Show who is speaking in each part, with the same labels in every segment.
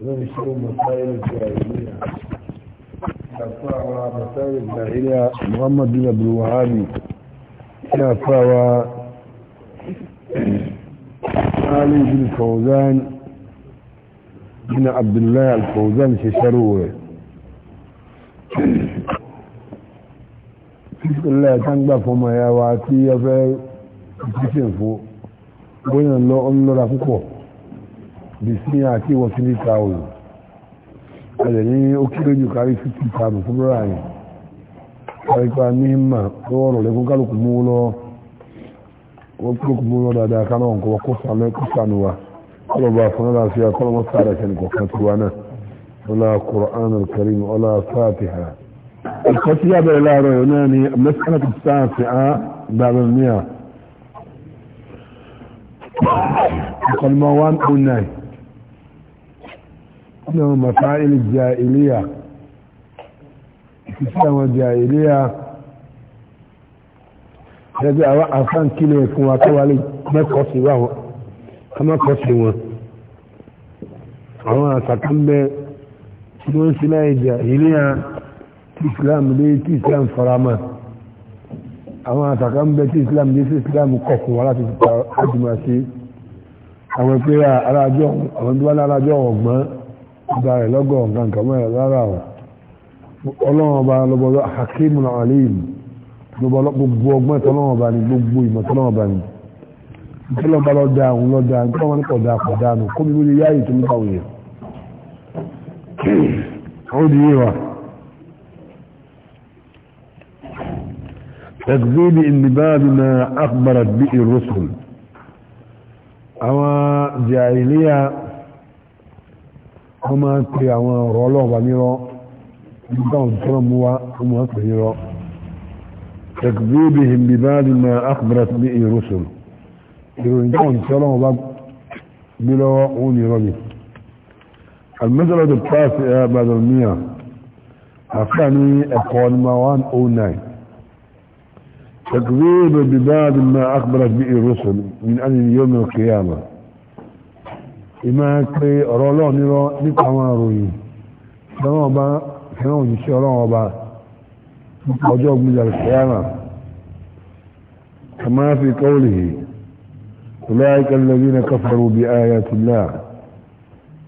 Speaker 1: من شروع مسائل الجاهلية شافعوا مسائل الجاهلية محمد بن عبد الوهاب شافعوا علي بن فوزان بن عبد الله الفوزان ششروه بسم الله تنبا فما يا واتي يا فاي بسم فو بوين الله أمنا رفقه bìsí àti ìwọ̀n sí ní tàwọn ẹ̀lẹ̀ ní ó kéré jù kárí fífì tààmù fún bọ́ra yìí kárípa ní mà lọ́wọ́ rọ̀ lẹ́kún kálukú mú lọ wọ́n kálukú mú lọ dáadáa káná nǹkan wọ́n kó sànú kó sànú wa kọlọ̀bà fún ọlá sí akọlọ̀mọ́ sára ẹ̀sẹ̀ nìkan kan tiwa náà ọlá Qur'an al-Karim ọlá Fatiha ẹ̀kọ́ tí yá bẹ̀rẹ̀ láàárọ̀ yóò náà ni mẹ́sàn-án ti sáà á gbàgbọ́n ní à ìkọlùmọ́ 109 إنه مسائل الجاهلية إسلام الجاهلية ẹgbẹ́ àwọn àfáàn kí lè fún wa tó wà lè mẹ́kọ̀ọ́ sí wà wọ́n ká mẹ́kọ̀ọ́ sí wọn àwọn àtàkà ń bẹ tí wọ́n sí láì jà ìléyà tí islam lé tí islam farama àwọn àtàkà ń bẹ tí islam lé tí islam kọ̀ fún wa láti fi pa àjùmọ̀ sí àwọn pé alájọ́ àwọn tó wà ní alájọ́ ọ̀gbọ́n gba rẹ̀ lọ́gọ̀ nǹkan kan mẹ́rin lára wọn ọlọ́run ọba lọ́bọ̀ hakimu alim gbogbo ọgbọ́n tọ́lọ́run ọba ni gbogbo ìmọ̀ tọ́lọ́run ọba ni tọ́lọ́run ọba lọ́dà òun lọ́dà nítorí wọn kọ̀ dà kọ̀ nù kó bíbélì yáyì tó ń bá òye ó di yé wa. تكذيب لباب ما أخبرت به الرسل أما wọ́n máa ń pe àwọn ọ̀rọ̀ ọlọ́ọ̀bà nírọ́ nígbà wọn tó mú wa wọ́n máa ń pè nírọ́ takdhibihim bi ba'd ma akhbarat bihi rusul ìròyìn táwọn tí ọlọ́wọ́ bá gbé lọ́wọ́ òun ní rọ́bì المسألة التاسعة بعد المئة أخاني أقوال موان 09 تكذيب ببعض ما أخبرت به الرسل من أن يوم القيامة ìmọ̀ pé ọ̀rọ̀ ọlọ́run nírọ́ nípa àwọn àròyìn fẹ́ràn ọba fẹ́ràn òjíṣẹ́ ọlọ́run ọba ọjọ́ ògbìyà kẹ́yàrá kàmá fi kọ́ọ̀lì أولئك الذين كفروا بآيات الله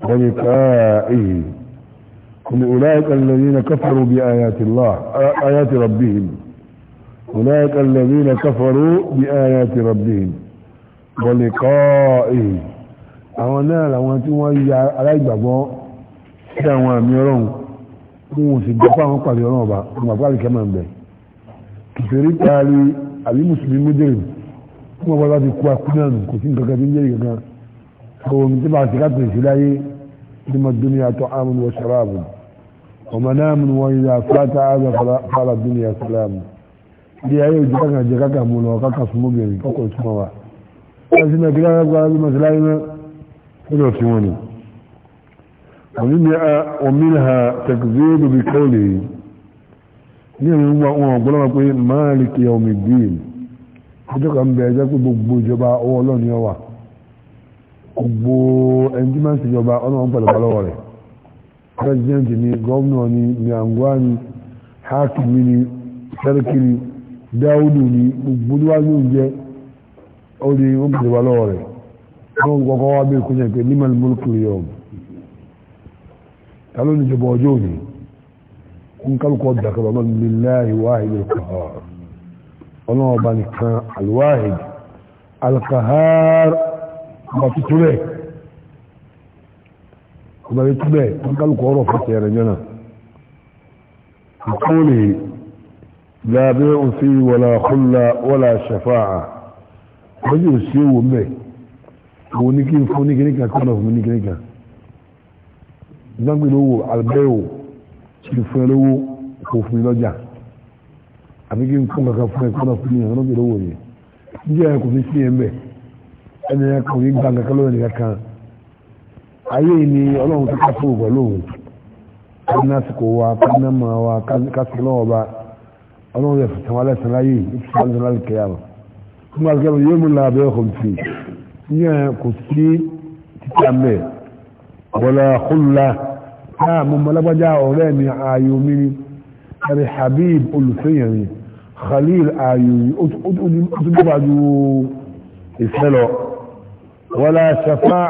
Speaker 1: ولقائه قل أولئك الذين كفروا بآيات الله آيات ربهم أولئك الذين كفروا بآيات ربهم ولقائه àwọn náà làwọn tí wọ́n ya aláìgbàgbọ́ sí àwọn àmì ọlọ́run tí wọ́n sì gbọ́ fáwọn pàdé ọlọ́run ọba wọn àpá àlùkẹ́ máa ń bẹ̀. kìfèrí taari àbí mùsùlùmí méjèèjì tí wọ́n bá bá ti kú akú náà nù kò sí nǹkan kan tí ń jẹ́rìí kankan kò ní tí bá ti ká pèsè láyé ní ma dúnìyà tó àmúnu wọ sàràbù ọmọ náà mú wọn yìí àfúrátà àgbà fàlà dúnìyà sàràbù bí ayé òjò kankan jẹ kankan mú lọ kankan súnmọ́ bẹ̀rẹ̀ kọ́kọ́ súnmọ́ wa. wọ́n ti mẹ́ kí lára gba ọdún mọ́sálá yìí náà كله تيواني ومنها تكذيب بقوله يعني هو أقول مالك يوم الدين ọjọ́ kan bẹ̀rẹ̀ jẹ́ pé gbogbo ìjọba owó ọlọ́run ni ó wà gbogbo ẹni tí president ni ni ni ni ni gbogbo àwọn gbogbo wa bẹ́ẹ̀ kúnyẹ̀ pé nímọ̀ múlùkù yọ̀ ọ́ ta ló ní ìjọba ọjọ́ òní ń kálukọ́ dàkọ̀rọ̀ ọmọ níláàrí wáhìí lè kọ̀ ọ́ ọlọ́run ọba nìkan alwáhìí alkahar ọba tuntun rẹ̀ ọba rẹ̀ tún bẹ́ẹ̀ ń kálukọ́ ọ̀rọ̀ fẹsẹ̀ rẹ̀ yánà ìkọ́lé lábẹ́ òfin wọlá kúlá wọlá ṣàfáà wọ́n yóò sí ewu mẹ́ẹ̀ àwọn oníkiri fún oníkiri kan kọ́nà fún oníkiri kan ìdánpẹ̀ lówó àbẹ́wò kí fún ẹ lówó kò fún mi lọ́jà àbí kí n fún kankan fún ẹ kọ́nà fún mi ìdánpẹ̀ lówó yẹn níjẹ́ ẹ kò ní sí ẹ mbẹ́ ẹni ẹ kò ní gbà kankan lọ́wọ́ ẹnìkan kan ayé ni ọlọ́run tó ká fún ògbà lóhùn kánásìkò wa kánámà wa kásìkò náà ọba ọlọ́run yẹ fìtàn wálẹ̀ sàn láyé ìfìtàn wálẹ̀ sàn láyé kẹyàmù kí wọ́n máa kẹ́ yẹn kò sí títà mẹ́ wọlá kúlá náà mo mọ́lágbájá ọ̀rẹ́ mi ààyò mi ni ẹ̀rẹ̀ habib olùfẹ́yàn mi khalil ààyò yìí ó tún bá ju ìfẹ́ lọ wọlá ṣafáà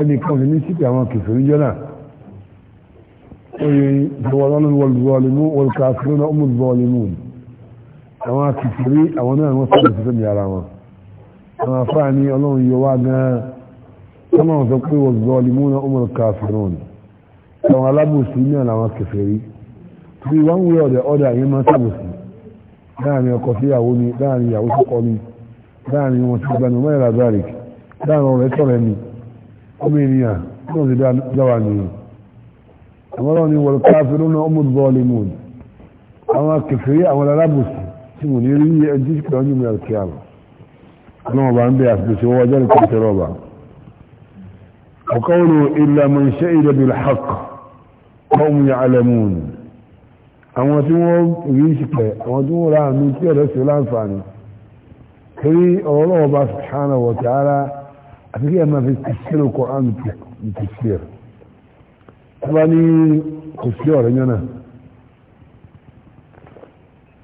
Speaker 1: ẹnìkan sì ní sípì àwọn kìfìrí jọ́nà oye ìfọwọ́lọ́nà wọlùbọ́ọ̀lùmú wọlùkàfìrí náà ó mú bọ́ọ̀lùmú àwọn kìfìrí àwọn náà wọ́n sábà ti mi ara wọn àwọn afáà ní ọlọ́run yọ wá gan-an sọ́mọ̀ sọ pé wọ́n zọ limú náà ó mọ̀rọ̀ káfíràn ni àwọn alábòsí náà làwọn kèfèrí torí wọ́n wé ọ̀dẹ̀ ọ̀dẹ̀ àyè máa sábòsí láàrin ọkọ sí ìyàwó ni láàrin ìyàwó sọ́kọ ni láàrin wọn sí ìgbàanì ọmọ ìlà zarik láàrin ọ̀rẹ́ tọ̀rẹ́ ni ọmọ ènìyàn náà ti àwọn ọlọ́run ni wọ́n káfíràn náà ó mọ̀rọ̀ zọ limú àwọn kèfèrí àwọn alábòsí tí mo ní rí ẹjí pẹ̀lú ọjọ́ اللهم بأنبي أثبت وجل كترابا وقوله إلا من شهد بالحق قوم يعلمون أما تقول يشكى أما تقول لا من كير سلام فاني كري الله سبحانه وتعالى أفكي أما في تفسير القرآن تفسير طبعني قصير هنا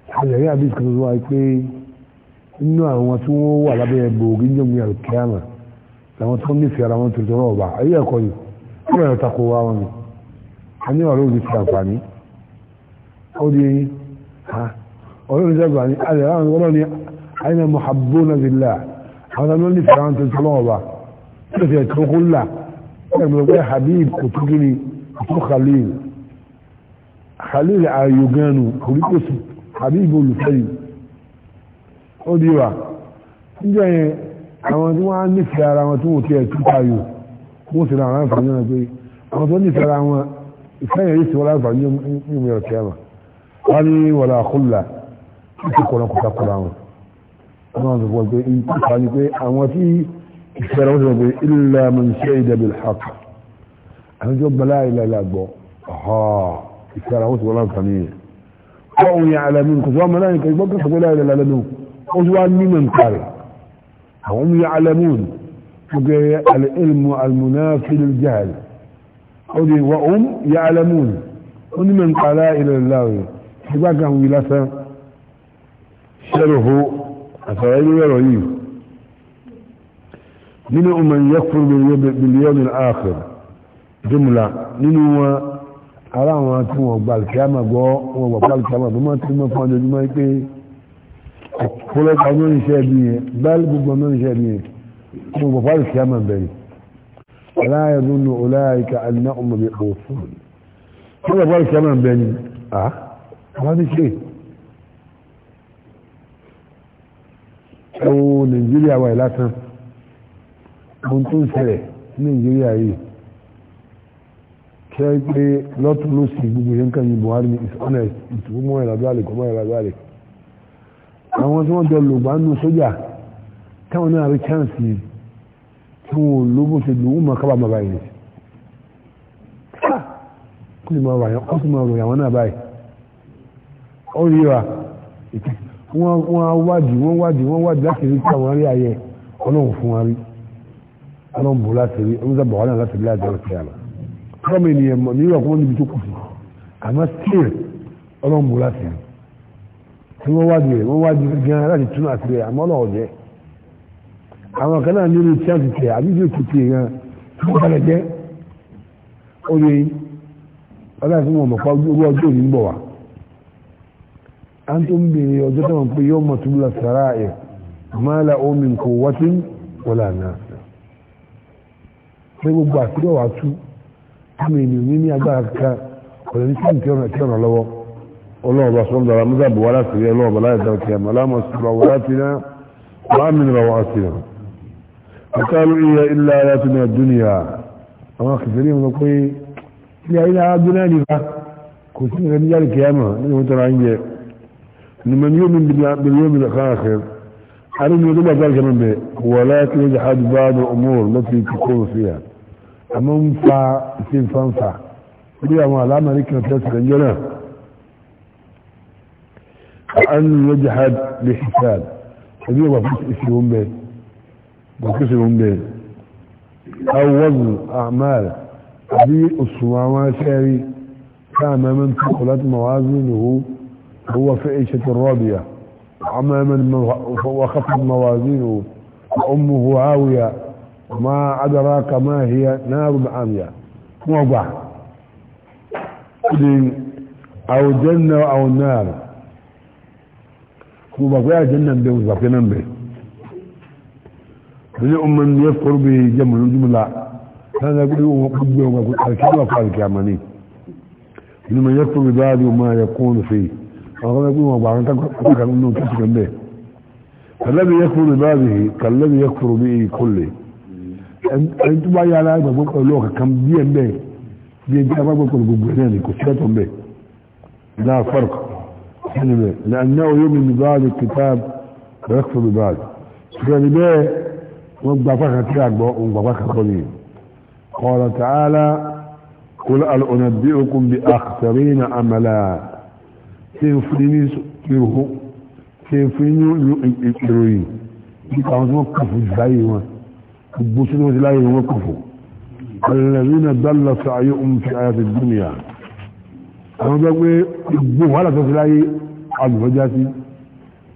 Speaker 1: حاجة يا بيت كنت nínú àwọn tí wọ́n wà lábẹ́ gbòógì jọ̀mí àlùkíyàmà làwọn tó ń nífẹ̀ẹ́ ara wọn tuntun náà ọba ayé ẹ̀kọ́ yìí kí wọ́n yọ tako wa wọn ni a ní ọ̀rọ̀ òbí ti àǹfààní ó di ha ọ̀rọ̀ òbí ti àǹfààní alẹ́ àwọn ọ̀rọ̀ ni àyìnà mọ̀hábó náà ti là àwọn tó ń nífẹ̀ẹ́ ara wọn tuntun náà ọba kí wọ́n ti ẹ̀ tó kó là ẹgbẹ̀gbẹ̀ habib kò tó gíní tó khalil khalil ayoganu orí kò sí habib olùfẹ́yìí ó di wa níjọ yẹn àwọn tí wọ́n á nífẹ̀ẹ́ ara wọn tí wọ́n ti ẹ̀ tún tayò wọ́n sì ra àwọn àǹfààní náà pé àwọn tó nífẹ̀ẹ́ ara wọn ìfẹ́ yẹn yóò sì wọ́n láǹfààní ní ìmọ̀ ìrọ̀kẹ́ àmà wọ́n ní wọ̀lá àkúlà títí kọ̀ọ̀nà kọ̀tàkọ̀rọ̀ àwọn wọ́n sọ pé ìpàkà ni pé àwọn tí ìfẹ́ rẹ̀ wọ́n sọ pé ilẹ̀ mọ̀nsẹ́ ìdẹ̀bẹ̀ hàkà àwọn tí ó gbọ́lá ilẹ̀ làgbọ́ ìfẹ́ rẹ̀ wọ́n sọ pé láǹfààní yẹn wọ́n yà àlàmì kò sọ́ ọmọ kò gbọ́kẹ́ sọ pé láìlẹ̀ làlẹ́ قدوة من قارئ هم يعلمون العلم المنافي للجهل وهم يعلمون ومن قال إلى الله حباكهم إلى شره أفعيل ويرويه منهم من يكفر باليوم الآخر جملة منهم أرامة وقبال كامة وقبال كامة وما تكون فاندجمائك ọ̀pọ̀lọpọ̀ àwọn oníṣẹ́ ẹbí yẹn báyìí gbogbo àwọn oníṣẹ́ ẹbí yẹn mo bọ̀ fáwọn ìṣẹ́ àmà bẹ̀rẹ̀ aláyà dúnú ọláyà àná ọmọ bíi òfin mo bọ̀ fáwọn ìṣẹ́ àmà bẹ̀rẹ̀ à àwọn oníṣẹ́ ẹwọ nàìjíríà wà látàn ohun tó ń ṣẹlẹ̀ ní nàìjíríà yìí kẹ́ pé lọ́tún ló sì gbogbo yẹn kan yìí Buhari is honest ìtùkú mọ́ ẹ̀ lábẹ́ àlè kọ́ mọ́ ẹ̀ lábẹ́ àlè kọ́ àwọn tí wọ́n jọ lògbà nù sójà táwọn náà rí chance yìí tí wọ́n lóbó ṣe lòwú mọ̀ kábà máa báyìí kó lè máa ròyìn kó sì máa ròyìn àwọn náà báyìí ó rí wa wọ́n wádìí wọ́n wádìí wọ́n wádìí láti rí táwọn arí ayẹ ọlọ́run fún wa rí ọlọ́run bò láti rí ọmọ sábà wà náà láti rí láti rí ọ̀sẹ̀ àlọ́ fọ́ọ̀mù ènìyàn mọ̀ nígbà kó wọ́n níbi tó kù sí àmọ́ still ọlọ́run bò láti rí tí wọ́n wájú rẹ̀ wọ́n wájú gan láti tún àti rẹ̀ àmọ́ náà àwọn kan náà tí a ti tẹ̀ àbíjú òkùtì gan tí wọ́n balẹ̀ jẹ́ ó lè ọlá fún wọn mọ̀pá owó ọjọ́ òní ń bọ̀ wá a tó ń bèèrè ọjọ́ pé yóò mọ̀ sàrà ẹ̀ la omi kò wọ́tí wọlé àná gbogbo tú àmì ènìyàn ní agbára kankan ọ̀rẹ́ ní اللهم رسول الله مذهب ولا تري اللهم لا يدعو كيام لا مسر رواتنا وامن رواتنا فقالوا إيا إلا آياتنا الدنيا أما كثيرين نقول إيا إلا آياتنا لفا كثيرين من جال كيامة إنه ترى عندي من يؤمن باليوم الآخر أرمي يدبع ذلك من به ولكن يجحد بعض الأمور التي تكون فيها أما انفع سين فانفع إذا ما العمل كانت تسعى جناه أن يجحد بحساب فدي وفيش بيه به وكسبهم بيه أو وزن أعمال دي الصمامة شاري كاما من ثقلت موازينه هو في عيشة راضية أما من وخفت موازينه وأمه هاوية ما أدراك ما هي نار عامية موضع أو جنة أو نار kuma ba kuwa ajin nan bai zafi nan bai wani umman ya faru bai jamurin jumla ta na gudu wa kudbe wa ku tsarki wa fara kyamani wani man ya faru ba da ma ya kone fi a kuma gudu wa ba an kan kuka nuna ta cikin bai kallabi ya faru ba da kallabi ya faru bai kulle ẹni tó bá yára ìgbàgbọ́ pẹ̀lú ọ̀kà kan bí ẹ̀ bẹ́ẹ̀ bí ẹ̀ bí abágbọ́ pẹ̀lú gbogbo ẹ̀ náà ni kò sí حنبه لأنه يؤمن ببعض الكتاب ويكفر ببعض سبحان الله وانضفاك كتاب وانضفاك قليل قال تعالى قل أل أنبئكم بأخسرين أملا تنفرني سؤره تنفرني يؤروي كانوا توقفوا جبايوا بوسنوا جلايوا وقفوا الذين ضل سعيهم في آيات الدنيا àwọn jẹ́ pé gbogbo wàhálà tó fi láyé alùlọ́já sí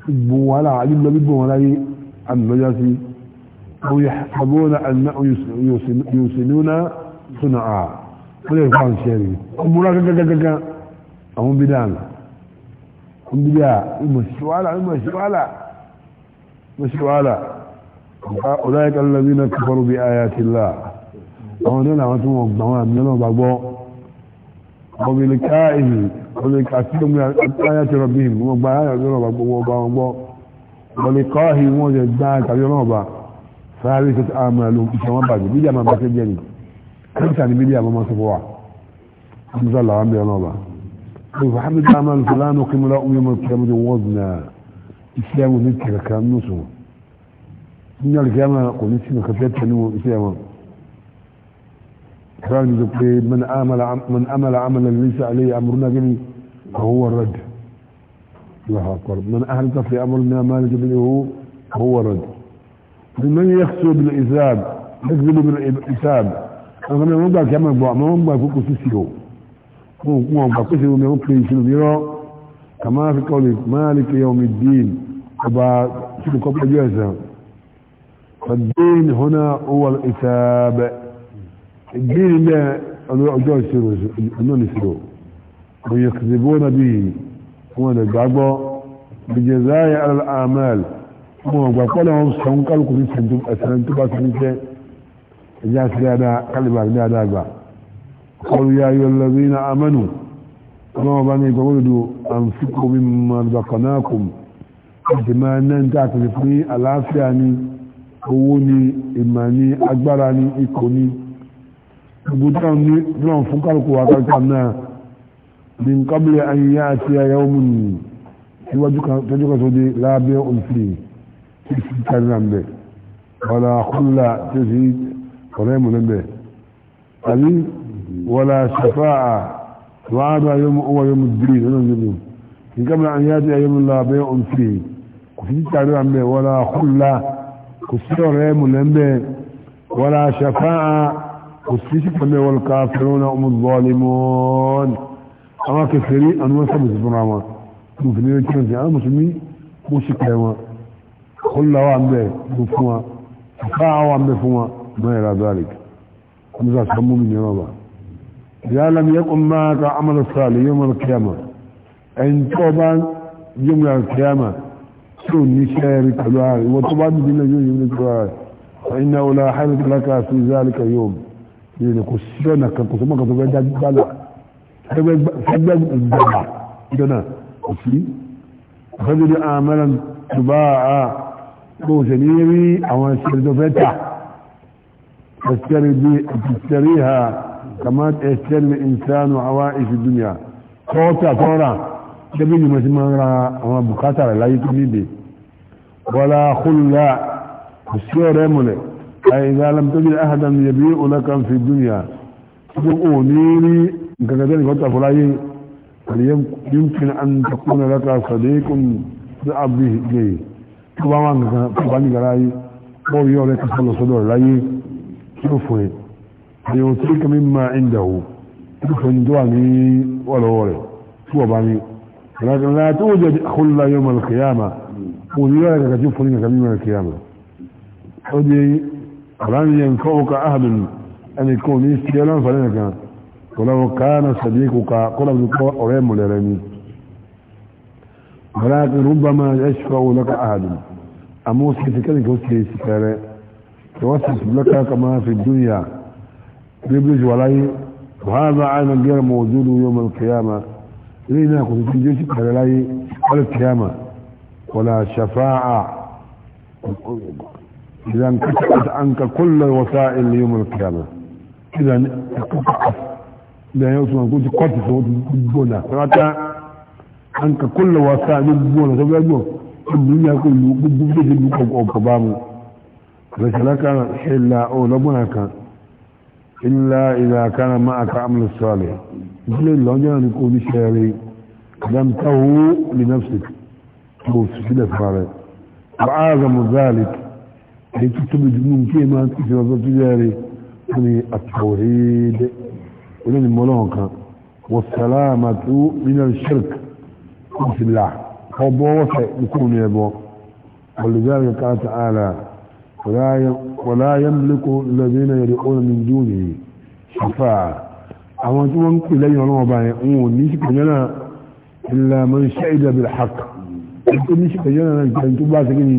Speaker 1: gbogbo wàhálà alùlọ́ gbogbo wọn láyé alùlọ́já sí àwọn yàgbọ́nà àná yòsìnúnà súnà à wọ́n lè fà ń ṣe rí ọmọdé gẹ́gẹ́gẹ́gẹ́ àwọn bídà nà àwọn bídà ìmọ̀síwàhálà ìmọ̀síwàhálà ìmọ̀síwàhálà ọ̀dọ́ ẹ̀kọ́ lọ́wọ́ bí وبلقائه وبلقائهم آيات ربهم وبآيات ربهم وبلقائه وجدان كبيرون ثالثة أعمالهم إشوان بعد بيدي أما بس الجنة كمسان بيدي أما ما صفوا حمد الله عم بيانا الله فحمد أعمال فلا نقيم لهم يوم القيامة وزنا إسلام ذكر كان نسو إن القيامة قلت سنة كفيت تنو إسلامه كان من امل من امل عملا ليس عليه امرنا به فهو الرد الله اكبر من اهل في امرنا ما لك به هو هو الرد من يخسر بالعذاب يكذب بالعذاب انا ما بقى كما بقى ما بقى فوق سيسيو ما بقى سيسيو ما بقى سيسيو كما في قول مالك يوم الدين وبا قبل جهزه فالدين هنا هو الاثابه الدين لا أجوع السيرو أنون السيرو ويكذبون به وانا بعضا بجزاء على الأعمال وانا قال لهم سنقلكم من سنتم أسنتم أسنتم جاس دادا قلبا دادا با قالوا يا أيها الذين آمنوا ما بني قولوا أنفقوا مما رزقناكم ما ننتعك لفني العافية ni owó ni ìmà ni agbára gbogbo ní náà fún kálukú akẹ́kọ̀ọ́ náà ní nkábílẹ̀ ayé àti ayé omi nì síwájú tọ́jú kan tó dé lábẹ́ òfin tí sì kárí náà mbẹ́ wàlá kúlà tí sì ọ̀rẹ́ mú lẹ́mbẹ́ àbí wàlá ṣàfáà wàhálà yọmú ọwọ́ yọmú bíi nínú nínú nkábílẹ̀ ayé àti ayé omi lábẹ́ òfin kò sí kárí náà mbẹ́ wàlá kúlà kò sí ọ̀rẹ́ mú lẹ́mbẹ́ wàlá ṣàfáà والكافرون هم الظالمون أما كفري أنواع سبس براما مفنين في عام مسلمي موسي كيما كل لو بي بفما فقاعة عم ما إلى ذلك أمزا سمو من يرابا يا لم يكن معك عمل الصالح يوم القيامة إن طبعا يوم القيامة سون نشاري كلها وطبعا بدنا يوم القيامة فإنه لا حدث لك في ذلك اليوم yìí kò sí ọ̀nà kan kò sọ́mọ́ kan tó fẹ́ dájú lọ ẹgbẹ́ ìgbàgbà jọ́nà kò sí ọ̀fẹ́dúdú àmàlà dùbà á kò sì ní rí àwọn ìṣẹ̀lẹ̀ tó fẹ́ tà ẹ̀sẹ̀rẹ̀ bí ẹ̀sẹ̀rẹ̀ ha kàmá ẹ̀sẹ̀rẹ̀ ìsánù àwa ìṣù dúnyà tọ́ọ̀tà tọ́ra débí ni mo ti máa ń ra àwọn bùkátà rẹ̀ láyé tó níbi wọlá kúlù lá kò sí ọ̀rẹ́ mọ̀lẹ̀ فإذا لم تجد أحدا يبيع لك في الدنيا تقونيني كذلك قلت فلاي يمكن أن تكون لك صديق تعب به إليه طبعا طبعا قرأي قول يولي تصل صدور لي شوفه ليوتيك مما عنده شوفه دواني ولا ولي شو باني لكن لا توجد خلة يوم القيامة وليولك تشوفه لك يوم القيامة ودي لن ينفعك أهل أن يكون استيلا فلنك ولو كان صديقك قل ابن قريم لرمي ولكن ربما يشفع لك أهل أموس كتكلك وسكي سكارة توسط لك كما في الدنيا بيبلج ولاي وهذا عين غير موجود يوم القيامة لينا كنت تجيش على القيامة ولا شفاعة إذا انقطعت عنك كل وسائل يوم القيامة إذا انقطعت إذا يوصل كنت قطف وتبونا فأتى عنك كل وسائل يبونا سوف يقول الدنيا كله قبضة المكب أو قبامه ليس لك حلا أو لبنك إلا إذا كان معك عمل الصالح مثل الله جل يكون شيري قدمته لنفسك توفي في الأسفار وأعظم ذلك èyí tó tóbi jù mú kí ẹ máa ti sọ tó yẹ rẹ wọn ni àtàwọ̀rẹ́dẹ́ olóyìn mọ́lọ́hàn kan wọ́n sàlámà tó nínú shirk wọ́n sì là ọbọ̀ wọ́fẹ̀ nìkún ní ẹbọ olùdarí ká ta'ala wala yamliku alladhina yad'una min dunihi shafa'a àwọn tí wọ́n ń pè lẹ́yìn ọlọ́wọ́ báyẹn wọn ò ní sí pẹ̀lú náà illa man shahida bil haqq ẹni tó ní sí pẹ̀lú náà ìgbà tó bá ṣe ni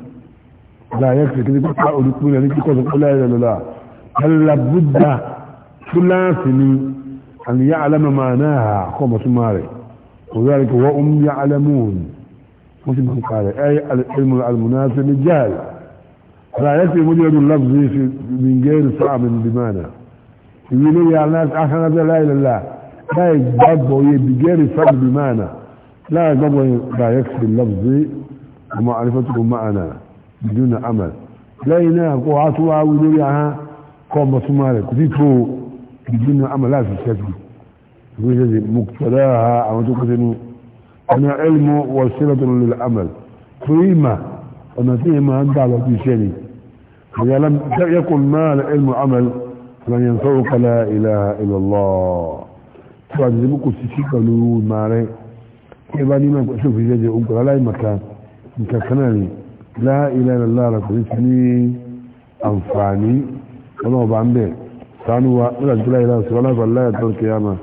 Speaker 1: لا يكفي كذا كنت أقول لكم يعني كنت أقول لا إله لا هل لابد ثلاثني أن يعلم معناها قوم سماري وذلك وهم يعلمون مسلم قال أي العلم المناسب للجهل لا يكفي مجرد اللفظ من غير صعب بمعنى يقولوا يا ناس أخنا لا إله لا لا يجبوا بغير صعب بمعنى لا يجبوا لا يكفي اللفظ ومعرفتكم معنا بدون عمل lẹ́yìn náà kó a tún wá wí lórí ahán kọ́ ọmọ súnmọ́ rẹ̀ kò sí tó ìdí náà àmà láti ṣẹ́kù ìwé ṣe mọ̀kútọ̀dá àwọn tó kọ́ sínú ọ̀nà ẹlmọ wọ sílẹ̀ tó lè àmà torí ìmà ọ̀nà tí ìmà ń dà lọ́tí iṣẹ́ ni ọ̀yà yẹkùn náà lè ẹlmọ àmà lọ́nà yẹn sọ́rọ̀ ilà ìlọ́lọ́ tí wàá ti kò sí sí pẹ̀lú ìmà rẹ̀ kí ẹ bá ní ìmà ìṣòfin ṣe láìlẹ́ lára kò ní ti ní àǹfààní ọlọ́ọ̀bá ń bẹ̀ sánú wa nígbàtí láìlẹ́ ìṣọ́lábà láìtọ́ kìyàmà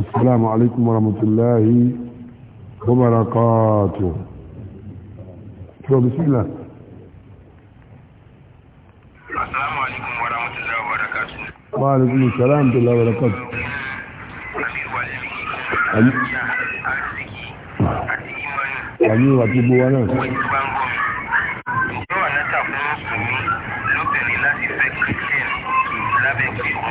Speaker 1: assalamu alaikum warahmatullahi wabarakatuh tó bismillah assalamu alaikum warahmatullahi wabarakatuh wa alaikum assalam warahmatullahi wabarakatuh àmì àti gbogbo wa náà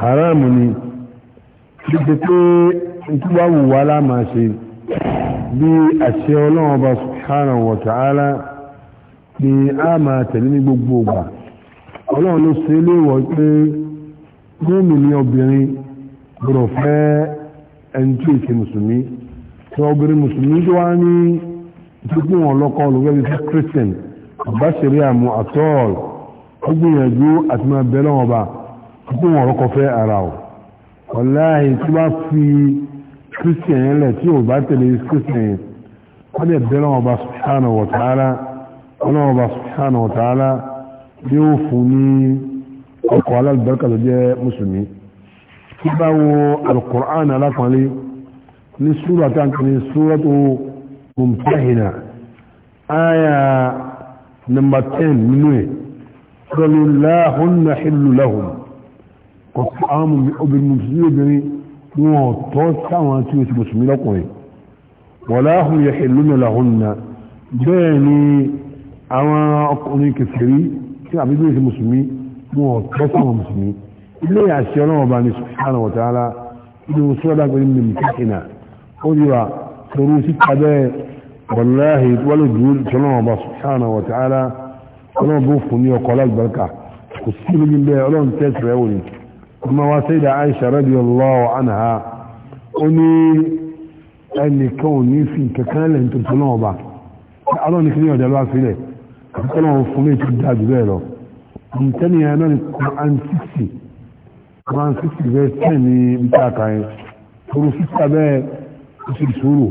Speaker 1: haram ni gbígbé pé ìtúwà wùwá láàmà ṣe bí àṣẹ ọlọ́run ọba subhanahu wa ta'ala ni a máa tẹ̀lé ní gbogbo ìgbà ọlọ́run ló ṣe léwọ̀ pé gómìn ní obìnrin gbọ́dọ̀ fẹ́ ẹni tí èsì mùsùlùmí tí obìnrin mùsùlùmí tó wá ní ìtúkú wọn lọ́kọ́ olùgbé bíi christian àbáṣeré àmú àtọ́ọ̀lù ó gbìyànjú àti máa bẹ́ lọ́wọ́ bá fún ọ̀rọ̀ kọfẹ́ ara ọ̀ ọ̀láì tí wá fi christian yẹn lẹ̀ tí ò bá tẹ̀lé christian yẹn wọ́n lè bẹ̀rẹ̀ wọn bá subhanahu wa ta'ala ọlọ́wọ́n bá subhanahu wa ta'ala yóò fún ní ọkọ̀ alábẹ́rẹ́kà tó jẹ́ mùsùlùmí tí bá wo alukur'an alákùnrin ní súra tá n kiri tó mumtahina aya number ten nínú ẹ̀ sọlọ́láhùn náà hìlù láhùn ọ̀pọ̀ àwọn obìnrin mùsùlùmí obìnrin wọn ò tọ́ sáwọn tí ó ti mùsùlùmí lọ́kùnrin wọ̀lá hùn yẹ ìlúnà làhùn náà bẹ́ẹ̀ ni àwọn ọkùnrin kèfèrí tí àbígbé ti mùsùlùmí wọn ò tọ́ sáwọn mùsùlùmí ilé àṣẹ ọlọ́wọ́ bá ní subhanahu wa ta'ala inú sọ́dá pẹ̀lú ní mùsùlùmí ó rí torí síta bẹ́ẹ̀ wọ̀láhì wọ́lẹ̀ dúró tọ́lọ́wọ́ bá subhanahu wa ta'ala ọlọ́wọ́ bó fún ní ọkọ̀ alágbàrúkà kò sí ibi bẹ́ẹ̀ ọlọ́run tẹ́sí rẹ̀ wò ni kuma wa sai da aisha radiyallahu anha ó ní ẹnìkan ò ní fi kankan lẹ́yìn tuntun náà bá alọ́ ní kí ní ọ̀dà lọ́wọ́ sílẹ̀ kankan náà fún mi ti dájú bẹ́ẹ̀ lọ nǹkan yẹn náà ní Quran sixty Quran sixty verse ten ní bíkà kan yẹn toro sísá bẹ́ẹ̀ ó sì sòrò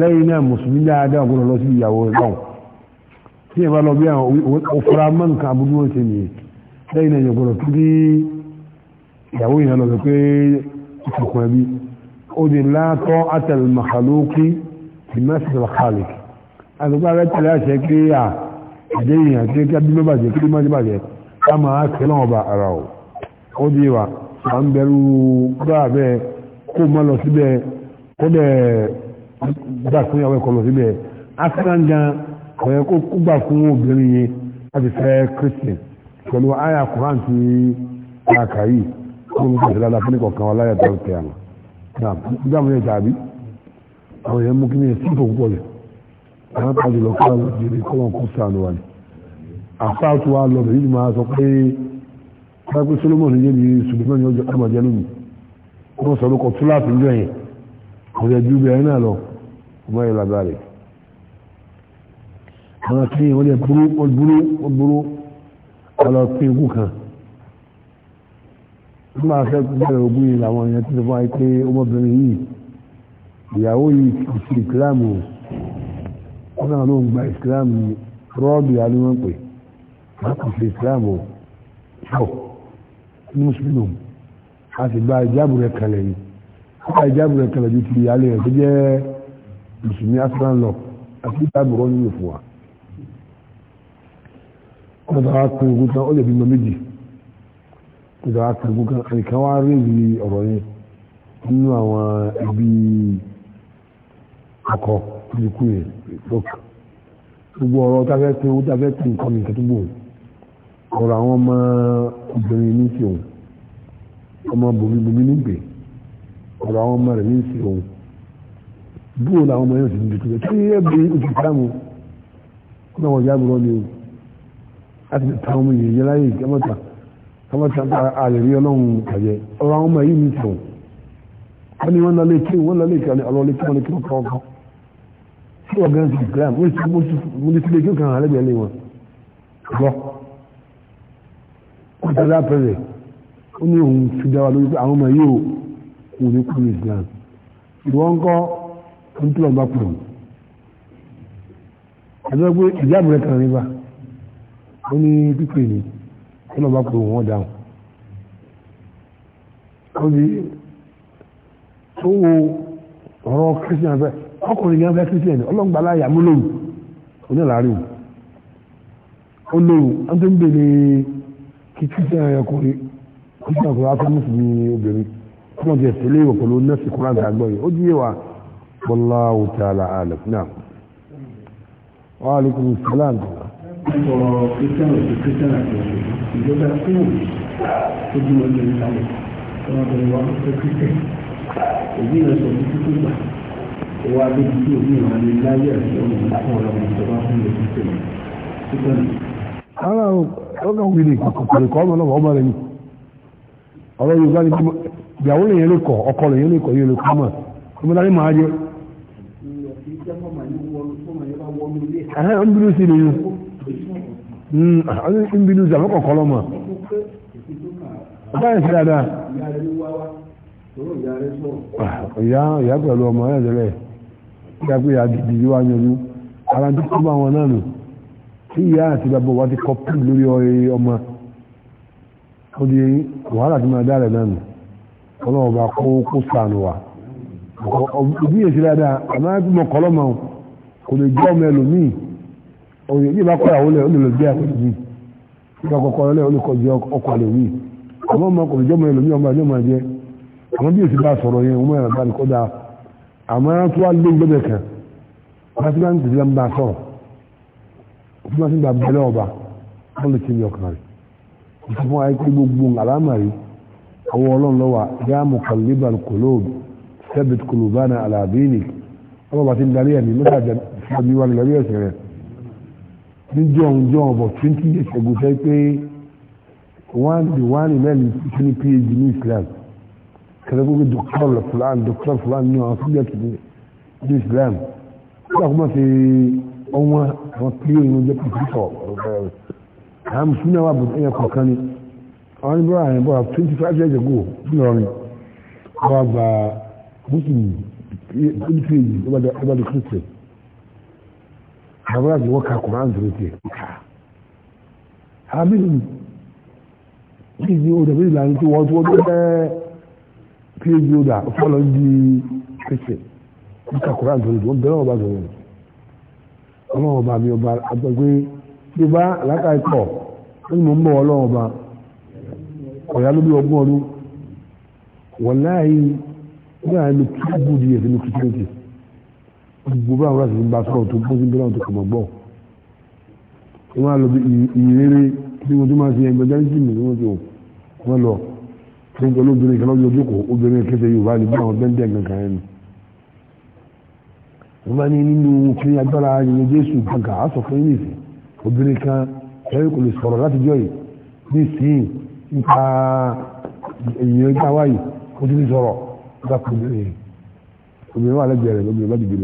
Speaker 1: lẹ́yìn náà mùsùlùmí dáadáa gbọ́dọ̀ lọ sí ìyàwó rẹ̀ náà tí yẹn bá lọ bí àwọn òfurufú máa abúlé wọn ṣe nìyẹn lẹ́yìn náà yẹn gbọ́dọ̀ tó dé ìyàwó ìyàn lọ pé ìfòkùn ẹbí ó di látọ́ àtẹlmàkàlókì ìmẹ́sìtẹ̀lẹ̀kàlìkì àtùpá rẹ̀ tẹ̀lé àṣẹ pé à àjẹ́ ìyàn tí kí abí mẹ́bàjẹ́ kí má jẹ́bàjẹ́ ká máa kẹ́ náà bá ara ò ó di wà à ń bẹ̀rù bá bẹ́ kó má lọ síbẹ̀ kó dẹ̀ gbà fún ìyàwó ẹ̀kọ́ lọ síbẹ̀ ákàndà ọ̀yẹ́ kó gbà fún obìnrin yẹn láti fẹ́ Christian pẹ̀lú àyà Kùránì àkàyè fún mi kẹsìlá la fún mi kọ̀ọ̀kan ọláyà tó tẹ̀ àmà náà nígbà mi yẹn tàbí àwọn yẹn mú kí mi yẹn sí ìfòkúpọ̀ lẹ̀ àwọn pàdé lọ kọ́ jèrè kọ́ wọn kó sànù wa ni àfáàtú wa lọ bẹ̀rẹ̀ yìí máa sọ pé pẹ́ẹ́pẹ́ Solomon yé ni Suleman yọjọ ọmọdé lónìí wọ́n sọ lóko túláàtì ń jọ yẹn àwọn yẹn ju bẹ̀rẹ̀ náà lọ ọmọ yẹn lábẹ́ rẹ̀ àwọn akéwìn wọ́n yẹ ó máa fẹ́ bẹ̀rẹ̀ ogún yìí làwọn èèyàn ti sọ fún wa pé ọmọbìnrin yìí ìyàwó yìí kò sí ìsìláàmù ó náà ló ń gba ìsìláàmù rọ́ọ̀bì alúwọ̀n pé wọ́n kò sí ìsìláàmù ṣọ́ ní mùsùlùmù a sì gba ìjáàbù rẹ̀ kalẹ̀ yìí ó gba ìjáàbù rẹ̀ kalẹ̀ ju ti ìyálé rẹ̀ tó jẹ́ mùsùlùmí asúlán lọ àti ìjáàbù rọ́ nínú fún wa. wọ́n tàwa pé tán ó lè bímọ méjì ìdá àtàkù kan àìkan wá rèébi ọ̀rọ̀ yẹn nínú àwọn ẹbí akọ ìdíkù yẹn lọ́k gbogbo ọ̀rọ̀ táfẹ́ pé ó táfẹ́ pé nǹkan mi kẹ́tùbù ọ̀rọ̀ àwọn ọmọ obìnrin ní ti òun ọmọ bòmíbòmí nígbè ọ̀rọ̀ àwọn ọmọ rẹ̀ ní ti òun bóò làwọn ọmọ yẹn sì ń dìtú tí yẹ bí oṣù káàmù kó náà wọ́n ni o láti tàwọn ọmọ yẹn yẹ láyé ìjẹ́mọ́ta kama ta da aliri ọlọ́run kàjẹ ọ̀rọ̀ àwọn ọmọ yìí ní sùn wọ́n ni wọ́n lọ lé kí wọ́n lọ lé kí ọlọ́ lé kí wọ́n lé kí wọ́n kọ́ ọkọ́ sí ọ̀gá sí islam wọ́n ti mú ní sílé kí wọ́n kàn án lẹ́gbẹ̀ẹ́ lé wọn gbọ́ wọ́n ti dá pẹ̀lẹ́ ó ní òun fi dá lórí pé àwọn ọmọ yìí ò kù ní kú ní islam ìwọ ń ń tí wọ́n bá àti wọ́n pé ìjáàbù rẹ̀ kàn rí bá ó ní pípé nìyí kí ló bá pè wọ́n dáhùn kọ́ni tó wo ọ̀rọ̀ christian fẹ́ ọkùnrin yẹn fẹ́ christian ọlọ́gbà láyà mú lòun onílàárí o ó lòun á tó ń bèèrè kí christian ọkùnrin christian ọkùnrin afẹ́ mùsùlùmí obìnrin kọ́nà jẹ́ tẹ́lẹ̀ ìwọ̀ pẹ̀lú nọ́ọ̀sì kúrò àti àgbọ̀ yìí ó di yẹwà wallahu ta'ala a'lam náà
Speaker 2: wa alaikum salam. sọ̀rọ̀ christian ọ̀sẹ̀ christian àti ọ̀sẹ̀ ìjọba kúrò ojú ọjọ́ ìsàlẹ̀ wọn bẹ̀rẹ̀ wọn fẹ́ kíkẹ́ èyí rẹ̀ sọ fún kíkọ́ gbà wọ́n adé tí òbí wọn ní láyé ẹ̀sẹ̀ ọmọ ìfún ọlọ́mọ ìjọba fún ìlú kíkẹ́ rẹ̀ kíkọ́ ni.
Speaker 1: ara o ọgá wuli kòkòrò kọ́ ọmọ náà ọmọ rẹ̀ ni ọ̀rọ̀ yorùbá ni ìyàwó lè yẹn lè kọ ọkọ lè yẹn lè kọ yẹn lè kọ́ mọ̀ ọmọdé máa jẹ.
Speaker 2: ẹ̀hẹ́ ń dúró sí i nìyẹn.
Speaker 1: àwọn ìbínú ìjà fọ́kàn kọ́ lọ́mọ
Speaker 2: ọ̀gá ìṣẹ́ dáadáa ah,
Speaker 1: ìyá ìyá pẹ̀lú ọmọ ẹ̀ ìyá pé ìyá dìdí wá yanjú ara tó kọ́ bá wọn náà nù tí ìyá àti bàbá wa ti kọ́ lórí ọmọ ó di wàhálà máa dára náà nù ọlọ́wọ́ bá kó kó sànù wa àmọ́ ẹgbẹ́ kò lè jẹ́ ọmọ ẹlòmíì òye yìí bá kọ́ àwọn olè olè lòdì àwọn yìí nígbà kọ́kọ́ olè olùkọ́jú ọkọ̀ àlè wí àwọn ọmọ ọkọ̀ ìjọba ẹlòmí ọmọ ẹlòmí ọmọ ẹjẹ àwọn bí èsì bá sọ̀rọ̀ yẹn wọ́n yàrá báyìí kọ́dà àmọ́ tó wá lé gbẹ́bẹ̀ kan wọ́n ti bá ń tẹ̀sí lẹ́nu bá sọ̀rọ̀ òfin máa ti gba bẹ́lẹ̀ ọba wọ́n lè ti ní ọkàn rẹ̀ ìfún wa pé gbogbo àlámà rí àwọn ọlọ́run lọ́wà yá mu kàlíbà kòlóòb sẹ́bìt kòlóòbánà àlàbíìnì ọlọ́ba ti ń darí ẹ̀mí mẹ́ta jẹ́ fún mi wà lórí ẹ̀sìn rẹ̀ ní jọ̀hún jọ̀hún bọ̀ twenty years ago fẹ́ pé one the one in early twenty phd ní islam kẹlẹ́gbẹ́gbẹ́ dọ́kítọ́rù fulan dọ́kítọ́rù fulan ní àwọn sílẹ̀ kìíní ní islam kí àkómọ̀ ṣe ọwọ́n àwọn pílíọ̀ inú jẹ́ pòfẹ́sọ̀ àwọn mùsùlùmí náà wà bọ̀ ẹ̀yẹ kọ̀ọ̀kan ni àwọn ní bọ́lá àyẹ̀bọ̀ twenty five years ago ńlọrin wọ́n gba muslim twenty phd ọba the christian àbúrò àti wọ́n ka koran dúró tiẹ̀ ká àbílù píìsì ó dàbí ìlànà tí wọ́n tí wọ́n tó bẹ́ẹ̀ píìsì ó dà fọ́lọ́ di kẹsẹ̀ wọ́n ka koran dúró tiẹ̀ wọ́n bẹ̀rẹ̀ ọba dúró tiẹ̀ ọlọ́wọ́ ọba mi ọba àgbàgbé bí bá àlákà ikọ̀ wọ́n mọ̀ ń bọ̀ ọlọ́wọ́ ọba ọ̀yá ló bí ọgbọ́n ọdún wọ́n láàyè ní àìlú kíkú díẹ̀ gbogbo àwọn aláṣẹ ń bá sọ̀rọ̀ tó kó sí bẹ́ẹ̀ tó kọ̀mọ̀ gbọ́ wọ́n máa lọ bí ìrere tí wọ́n tó máa ti ẹgbẹ́ jáǹtì mi wọ́n ti wọ́n lọ tó ń pẹ̀lú obìnrin kan lọ́jọ́ ojókòó obìnrin kéde yorùbá ní bí àwọn bẹ́ńdẹ̀ kankan yẹn nù wọ́n bá ní nínú kí agbára yẹn jésù kankan á sọ fún yín nìsín obìnrin kan ẹ̀rí kò lè sọ̀rọ̀ láti jọ́ yìí ní sìn nípa èèyàn gbáwá yìí ó ti ní sọ̀rọ̀ ó obìnrin obìnrin wà lẹ́gbẹ̀ẹ́ rẹ̀ lóbìnrin bá dìde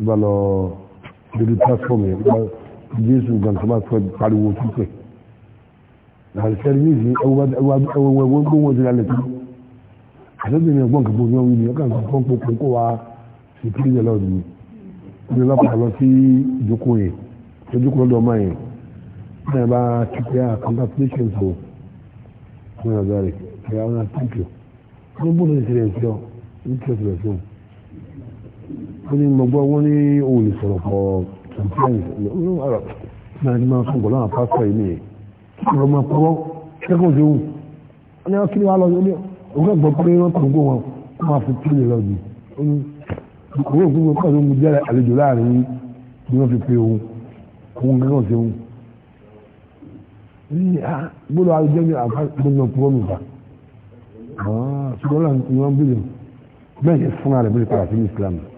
Speaker 1: bá lọ dédé platform yẹn bá jésù gan tó bá fẹ́ pariwo títẹ̀ láti sẹ́rí ní ìsìn ẹwọ́ gbóhùn ti lálẹ́ tó àtẹ́bí ni ọgbọ́n kẹfọ́ yọ wíni ọkàn kan pọ́n pọ́n kó wa sì kiri yẹ lọ́dún yìí ní ọlọ́pàá lọ sí ìjókòó yẹn ìjókòó lọ́dọ̀ ọmọ yẹn náà bá kíkẹ́ à congratulations o ní ọ̀dọ́ rẹ̀ kí àwọn àtúntò ní bóun ti rẹ̀ sí ọ ní kí ọ ti rẹ̀ sí ọ wọ́n ní mo gbọ́ wọ́n ní òun lè sọ̀rọ̀ pọ̀ twenty nine ọ̀rọ̀ náà ni máa fún gbọ́dọ̀ àwọn pásítọ̀ yìí nìyẹn ọ̀rọ̀ máa pọ̀ kẹ́kọ̀ọ́ tó wù wọ́n ní wọ́n ah, kiri wá lọ ní ọgbà gbọ́ pé wọ́n kàn gbọ́ wọn kó máa fi pílè lọ bí òun òkú wọn kàn ló mu jẹ́ àlejò láàrin bí wọ́n fi pe òun òun kẹ́kọ̀ọ́ tó wù ní ah, ah, gbọ́dọ̀ àlejò ní àfáàgbọ́n pọ̀ nù bá ṣùgbọ́n láti wọ́n bí bẹ́ẹ̀ fún àrẹ̀ bí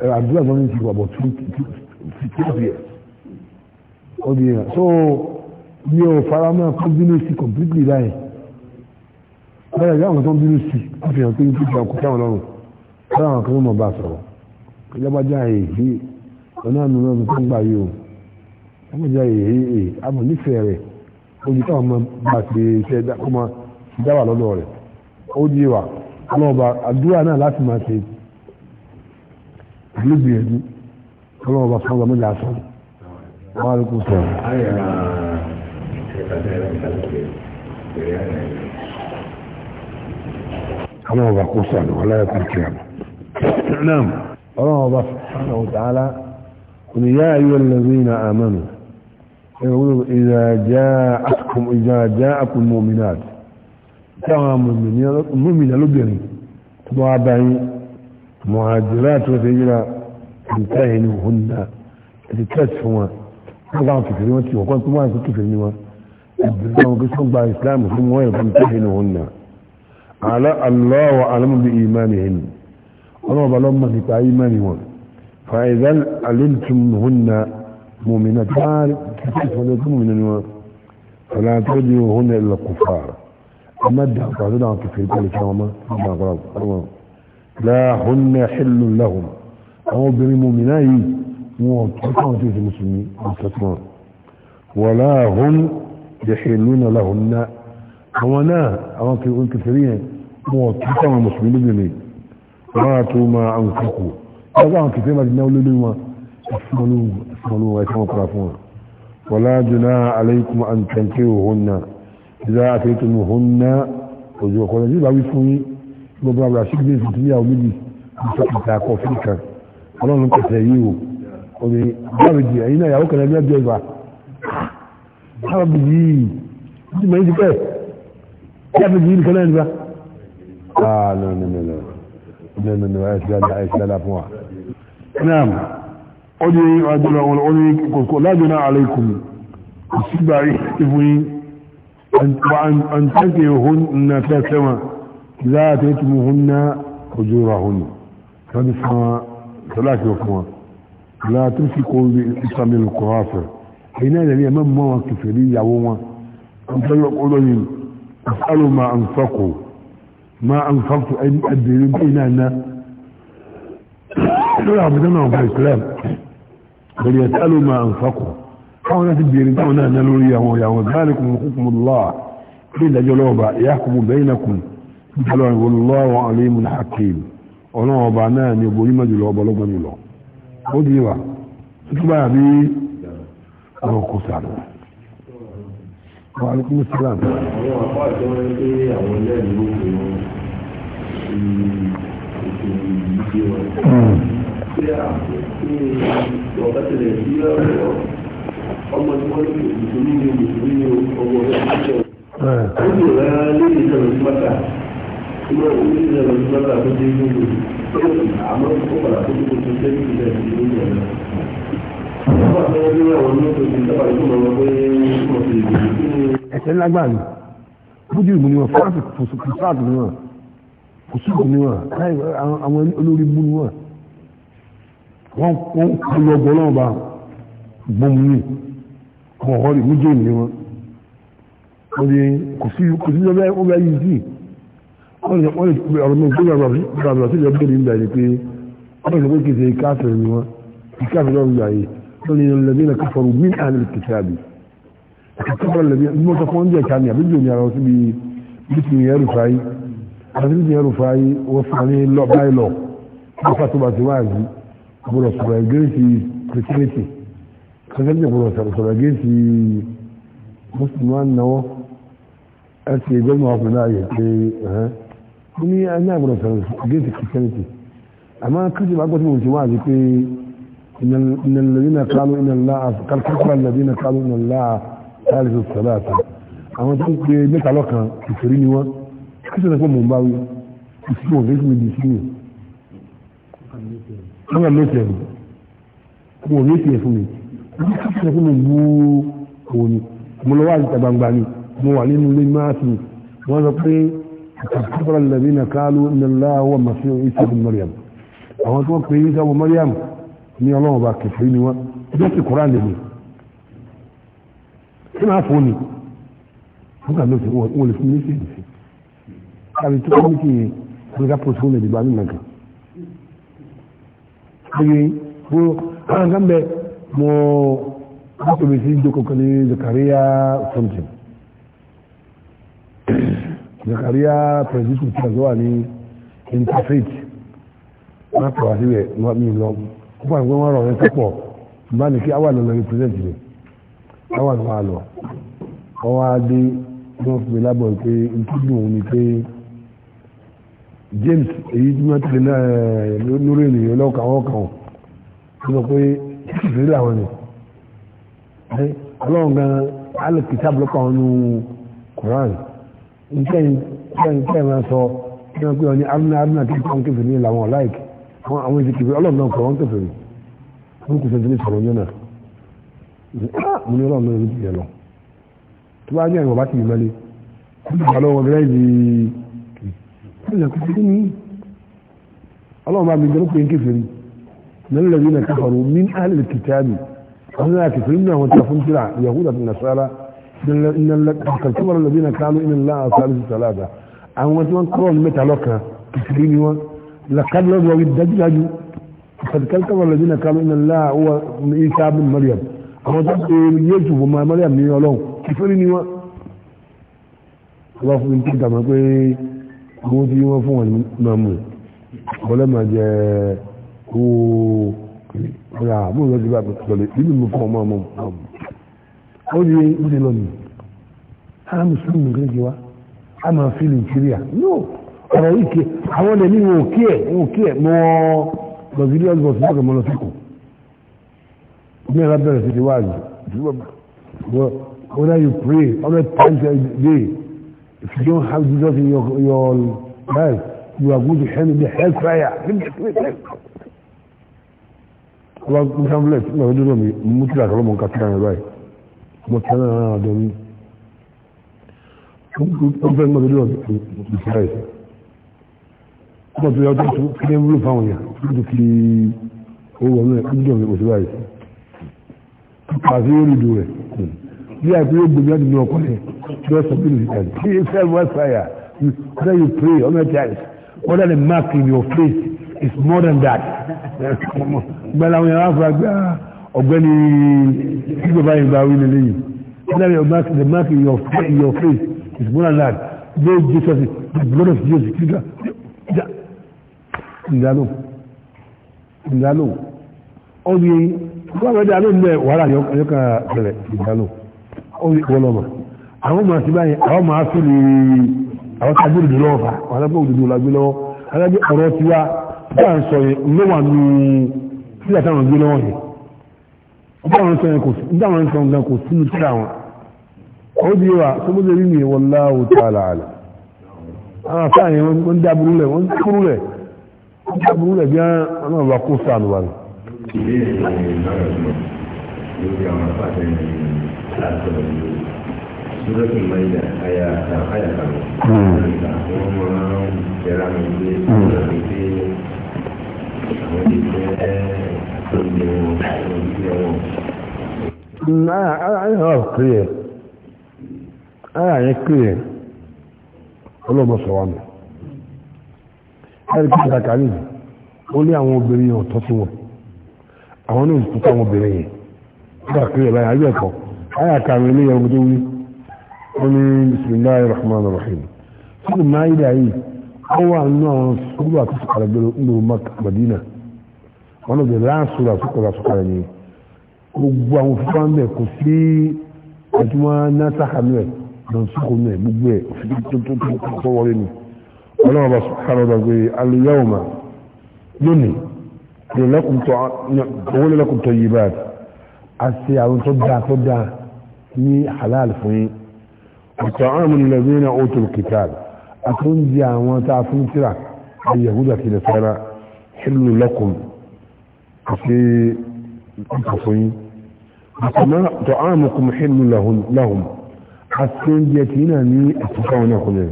Speaker 1: Eh, àdúrà gbọ́n ní ti wà bọ̀ twelve years ó di yẹn so mi ò fara mọ́ kó bínú sí completely láyìn bẹ́ẹ̀ ìyá àwọn tó ń bínú sí wọ́n fi hàn pé nítorí àwọn kò sáwọn lọ́rùn bẹ́ẹ̀ àwọn kan ló mọ̀ bá a sọ̀rọ̀ ìjọbajà èyí ọ̀nà àmì náà tó ń gbà yìí o ìjọbajà èyí èyí àmọ̀ nífẹ̀ẹ́ rẹ̀ ojú táwọn ọmọ bá ti ṣe kó máa dáwà lọ́dọ̀ rẹ̀ ó di wa ọlọ́ọ̀bà àdúrà náà láti máa ṣe ìlú gbìyànjú ọlọ́wọ́ bá fún ọmọ ìlà sọ wọ́n á lókù sọ. ọlọ́wọ́ bá kó sọ̀rọ̀ wọ́n láyé kó kí ọmọ. ọlọ́wọ́ bá fún ọmọ ìtàlá kò ní yá ayé lẹ́yìn náà àmọ́nù. إذا جاءتكم إذا جاءكم مؤمنات كما مؤمنين مؤمنة لبنان تبعوا مهاجرات وسيجرى انتهنوهن تتسفوا طبعا تكريمتي وكنت ما كنت تكريمها الدرجة قسم بها إسلام هم وين فانتهنوهن على الله أعلم بإيمانهن أنا بلما في إيمانهن فإذا علمتمهن مؤمنات تتسفوا مؤمنات فلا ترجعوهن إلا الكفار أما الدعوة تعدد عن كفر قال الكلام ما أقرأ لا هن حل لهم أو بالمؤمنين وكانوا في المسلمين مستثمر ولا هم يحلون لهن هونا أو كثيرين وكانوا مسلمين بني راتوا ما أنفقوا أو كثير ما جنوا لهم اسملوا اسملوا ويسموا قرافون ولا جناح عليكم أن تنكروهن إذا أتيتموهن وجوكم يجب أن gbogbo àwọn àṣírí bí èsì níyàwó méjì nípa ìta akọ fíríkà ọlọ́run pẹ̀sẹ̀ yìí o òní gbàmìjì ẹ̀yìn náà ìyàwó kan ẹgbẹ́ ẹgbẹ́ ìfà gbàmìjì yìí ti mọ̀ ní pẹ́ gbàmìjì yìí nìkan náà nípa. aa ah, nọ nọ nọ nọ nọ nọ ayé sílá ayé sílá fún wa. naam ó di àjọyọ̀ wọn ó ní kòkó lájọ náà aleikum ìsìgbà ìfún yín àǹtẹ̀kẹ̀ òhun nà fẹ́ fẹ́ wọn. إذا أتيتموهن أجورهن هذه اسمها ثلاثة وكما لا تمسكوا بإسلام القرافر حين الذي أمام مواقف لي يوما أنت يقول لهم أسألوا ما أنفقوا ما أنفقت أن أدري بين أن لا عبدنا في الإسلام بل يسألوا ما أنفقوا حاولوا تبيرين دعونا أن نلولي يا ذلكم حكم الله إلا جلوبا يحكم بينكم jọlọ ìwòlúlọ́wọ́ aléìmù hakim ọlọ́wọ́ ọba náà ni obo onímọ̀ jùlọ ọba ọlọ́gbọ́n jùlọ ó di wà túbà bí ọ̀rọ̀ kò sàrò wà ní kúmù sílá
Speaker 2: ọmọ tí wọ́n ní ìṣòro ní ìṣòro ní ọgbọ̀n ẹ̀ṣẹ̀ ó sì rẹ̀ lórí ìṣòro ní mọ́ta kuma wani da zai zama abin da yi ne amma kuma ba abin da kuma sai yi da yi ne ne ba ta yi ne wani da zai zama abin da ba zai yi kuma sai yi ne
Speaker 1: ẹsẹ̀ lágbàá ni bójú ìmú ni wọn fúláàsì fòsùkùsáàtì ni wọn fòsùkù ni wọn àwọn olórí bú ni wọn wọn kọ lọ bọ lọ́wọ́ bá gbọmù ni ọmọ ọ̀hún ni mú jẹ́ ìmú ni wọn kò sí yìí wọ́n lè ọ̀rọ̀ mi gbé ọ̀rọ̀ sí ìjọba ìdí ìgbà yìí pé wọ́n lè wékèsè káfíìn ni wọ́n káfíìn lọ́wọ́ ìgbà yìí wọ́n lè lẹ́bí náà káfọ́rù mí àmì kìtàbí káfọ́rù lẹ́bí bí wọ́n sọ fún oúnjẹ kan ní àbíjò ní ara wọn síbi bíkì ní ẹrù fàáyí àti bíkì ẹrù fàáyí wọ́n fà ní lọ báyìí lọ wọ́n fà tó bá ti wáàzí ọ̀bọ̀dọ̀ sọ̀rọ̀ ẹ̀gẹ́rẹ́sì kìrìtìrìtì kìrìtìrìtì ọ̀bọ̀dọ̀ sọ̀rọ̀ ẹ̀gẹ́rẹ́sì mùsùlùmí wọn náwó ẹ̀sìn ìgbẹ́mọ̀ ọkùnrin náà yẹ pé ẹ̀hẹ́n ní ẹni àgbọ̀dọ̀ sọ̀rọ̀ against christianity àmọ́ kírísì bá gbọ́dọ̀ mọ̀ sí wá àti pé ìnàlẹ́dínà kálú ìnàlá kálkúrà ìnàlẹ́dínà kálú ìnàlá tààlẹ́sọ̀ sọ̀rọ̀ àti àwọn tó ń pe mẹ́ta lọ́kàn ìfèrí ni wọ́n kírísì náà pé mò ń bá wí ìsìnkú òfin fún mi di sínú wọ́n yà lóṣẹ̀ mi wọ́n ò lóṣẹ̀ fún mi wà nínú ilé máàsì wọ́n sọ pé كفر الذين قالوا ان الله هو المسيح عيسى بن مريم àwọn tó wọ́n pè yíṣẹ́ ọmọ mọ́ríàmù ní ọlọ́run bá kẹfẹ́ ni wọ́n ẹjọ́ sì kúrán lè mi tí máa fún ni wọ́n kà lóṣù wọ́n lè fún mi sí ìdìsí àbí tó kọ́ mítì yẹn àbíká pọ̀sí fún ìdìbò àmì nàkà. ẹyẹ wo àwọn kan bẹ mọ wọn tóbi sí ìjókòó kan ní Zakaria something Zakaria Presidio Church wà ní Interfaith má pè wá síbẹ̀ mi lọ kópa ìwé wọn rọ̀ ẹ́ sọ́pọ̀ bá ní kí awa lọ́lọ́ represent rẹ̀ awa lọ́ wà lọ ọwọ́ adé ní wọ́n fi mi lábọ̀ pé ìtúdù òun ni pé James èyí tí wọ́n tẹ̀lé náà eh, lórí ènìyàn lọ́kàn àwọn kan ó sọ pé ìfẹ́ làwọn ni eh, ọlọ́run gan alẹ́ kìtàbù lọ́kàn ọ̀nù Koran nǹkan nǹkan máa sọ kí wọ́n pè ọ ní arúnà arúnà kí wọ́n kẹfẹ́ ní làwọn ọ̀láìkì àwọn àwọn èsì kẹfẹ́ ọlọ́run náà kọ̀ wọ́n kẹfẹ́ ní wọ́n kò sẹ́ńtẹ́lì sọ̀rọ̀ yẹn náà ah, mo ní ọlọ́run náà ló ti yẹ lọ tó bá ní ẹ̀rọ bá ti yẹ mẹ́lẹ́ kí wọ́n bá lọ́wọ́ bẹ́rẹ̀ yìí kí wọ́n kò sẹ́ńtẹ́lì ní ọlọ́run bá mi ní lẹ́lẹ́lẹ́ kẹfẹ́ rú mí kàtúmọ̀ lọ́bìnà kánú inú láàá sáàlùsù sàládà àwọn tí wọ́n kúrò ní mẹ́ta lọ́kàn kìtìrí ni wọ́n làkàdúrà wọ́n dájúdájú kàtúmọ̀ lọ́bìnà kánú inú láàá wọ́n ní Isa bin Maryam àwọn tó ṣe Yésù fún ma Maryam ní ọlọ́run kìtìrí ni wọ́n. wọ́n fún mi kíkà máa pé àwọn tí wọ́n fún wọn máa mú wọlé máa jẹ kó ọ̀rẹ́ àbúrò lọ́sibà pẹ̀lú ìlú mi fún ọmọ ọmọ ó di ìdè lónìí ara mùsùlùmí nìkan jẹ wa a máa fi nàìjíríà no ọ̀rọ̀ yìí ké àwọn ọ̀dẹ̀ ní wọn ò kí ẹ̀ wọn ò kí ẹ̀ mọ́ brazilian bọ́ọ̀sì bọ́ọ̀kì mọ́ lọ sí kù ní ẹ̀rọ bẹ̀rẹ̀ sí ti wá pray hundred times a day if you don't have Jesus in your your life you are going to hell in the hell fire ọlọ́gbọ́n sáfúlẹ̀ tí wọ́n dúró mi mú tíra kọ́lọ́mù kàtàkì báyìí mo tẹ́ náà náà dọ̀ mí ó fẹ́ mọ́ lórí ọ̀dọ̀ ìfẹ́ ẹ̀ ọmọ tó yọ ọjọ́ tó kí ní wúlò fáwọn èèyàn tó tó fi owó wọnú ẹ̀ ń dọ̀mí òṣèlú àyè pàṣẹ yóò rìndò rẹ̀ bí àti yóò gbèmí láti ní ọkọ rẹ̀ yóò sọ pé nìkan kí ẹ fẹ́ wá sáyà whether you pray or not child whether the mark in your face is more than that gbẹ̀lẹ̀ àwọn èèyàn wá fún agbára. ọ̀gbẹ́ni gbígbọ́ báyìí bá wí yìí na the mark in your face, is more than no Jesus the blood of Jesus kíga ìdálò ìdálò ọdún yìí wọ́n wọ́n dáa wàhálà yọkà bẹ̀rẹ̀ àwọn báyìí àwọn ní àwọn tàbí wọ́n dáwọn sọ yẹn kò sí dáwọn sọ yẹn kò sí ní tíra wọn ó di wa sọmọdé rí mi wallahu ta'ala àlẹ àwọn afáà yẹn wọn ń dábúrú lẹ wọn ń dábúrú lẹ wọn ń dábúrú lẹ bí wọn náà bá kó sáà wa ayọ̀ clear ya àwọn náà àwọn obìnrin nígbà ẹ̀kọ́ ilé wí fún yìí ó wà nínú àwọn tó gbẹ̀rẹ̀ one of the last sura sukura sukura ni gbogbo àwọn òfìfà ń bẹ kò sí ẹtùmọ̀ nátàkà nù ẹ̀ lọ́sùkò nù ẹ̀ gbogbo ẹ̀ òfìfà tuntun tó wọlé ni ọlọ́run bá sọ̀rọ̀ bá gbé al-yawma lónìí owó lẹ́kùn tó yìí báyìí àti àwọn tó dáa tó dáa ní halal fún yín ọ̀tọ̀ àwọn ọmọ nílẹ̀ bí náà ó tó kìtàlì àtúndì àwọn tá a fún tíra ayé yahuda ti lè fẹ́ra hìlù lẹ́kùn àti ìkàfọyín àtàmà tó àmùkù mùhìnnù lahùn àti oúnjẹ tí náà ní àtúkà wọn náà kọlẹ̀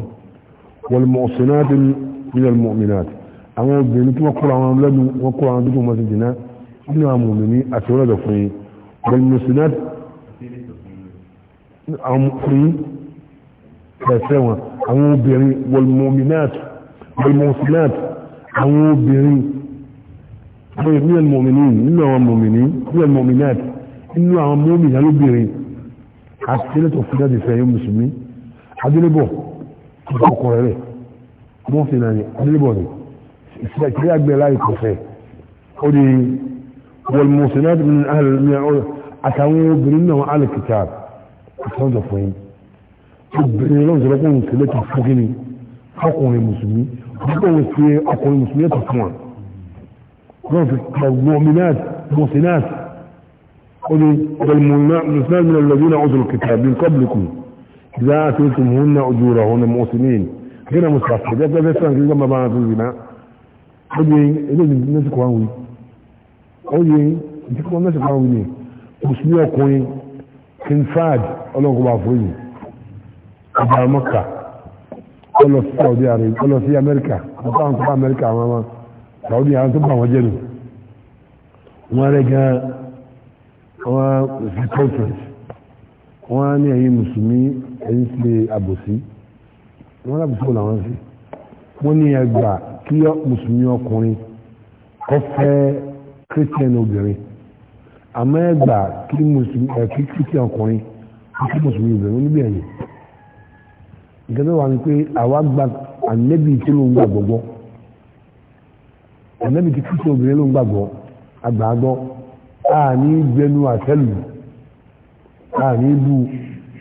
Speaker 1: wọn mọ̀ ọ̀sán náà dín nílẹ̀ mọ̀mìnà àwọn obìnrin tí wọ́n kúrò àwọn lẹ́nu wọ́n kúrò àwọn dúkùn mọ́sí jìnnà nínú àwọn mọ̀mìnì àti wọ́n lọ́dọ̀ fún yín wọn mọ̀ sí náà àwọn fún yín pẹ̀sẹ̀ wọn àwọn obìnrin wọn mọ̀mìnà bẹ́ẹ̀ ní ẹ̀mọ́ mi nìyí nínú àwọn mọ̀mìnì ní ẹ̀mọ́ mi náà nínú àwọn mọ́mì náà lóbìnrin àtẹ́lẹ̀ tó fún jáde fẹ́ẹ́ mùsùlùmí adélébọ̀ ọkọ̀ rẹ̀ mọ́fì náà ni adélébọ̀ ni ìṣẹ́ ìṣẹ́ àgbẹ̀ láì kọ̀fẹ́ ó di wọlmọ̀sẹ̀ náà àtàwọn obìnrin náà alìkìtà ìtọ́jọ fún yín obìnrin náà والمؤمنات المحسنات قل والمسلمات من الذين اوتوا الكتاب من قبلكم اذا اتيتموهن اجورهن محسنين غير مسافر ده ده فعلا كما بقى في البناء قل ايه الناس كوانوي قل ايه انت كمان الناس كوانوي ليه مسلمي اكوين كنفاد ọlọ́run kò bá fún yìí ọba mọ́kà ọlọ sí saudi arabia ọlọ sí amẹ́ríkà ọba àwọn kọ́ba amẹ́ríkà àwọn ọmọ sàwọ́dì àwọn tó bá wọn jẹ́ nù wọ́n rẹ̀ gan wọ́n fi conference wọ́n ní ẹ̀yin mùsùlùmí ẹ̀yin sí àbòsí wọ́n lábùsí wọn làwọn sí wọ́n ní ẹgbà kí mùsùlùmí ọkùnrin kọ́ fẹ́ kírísítẹ́nì obìnrin àmọ́ ẹgbà kí kírísítẹ́nì ọkùnrin kí mùsùlùmí obìnrin oníbí ẹ̀yìn ìgbẹ́bẹ́ wà ní pé àwa gba ànẹ́bí tí ló ń gbà gbọ́gbọ́ ẹ̀mẹ́bi ti kíkọ́ obìnrin ló ń gbàgbọ́ àgbàgbọ́ àní gbẹnu àtẹ́lù àní bu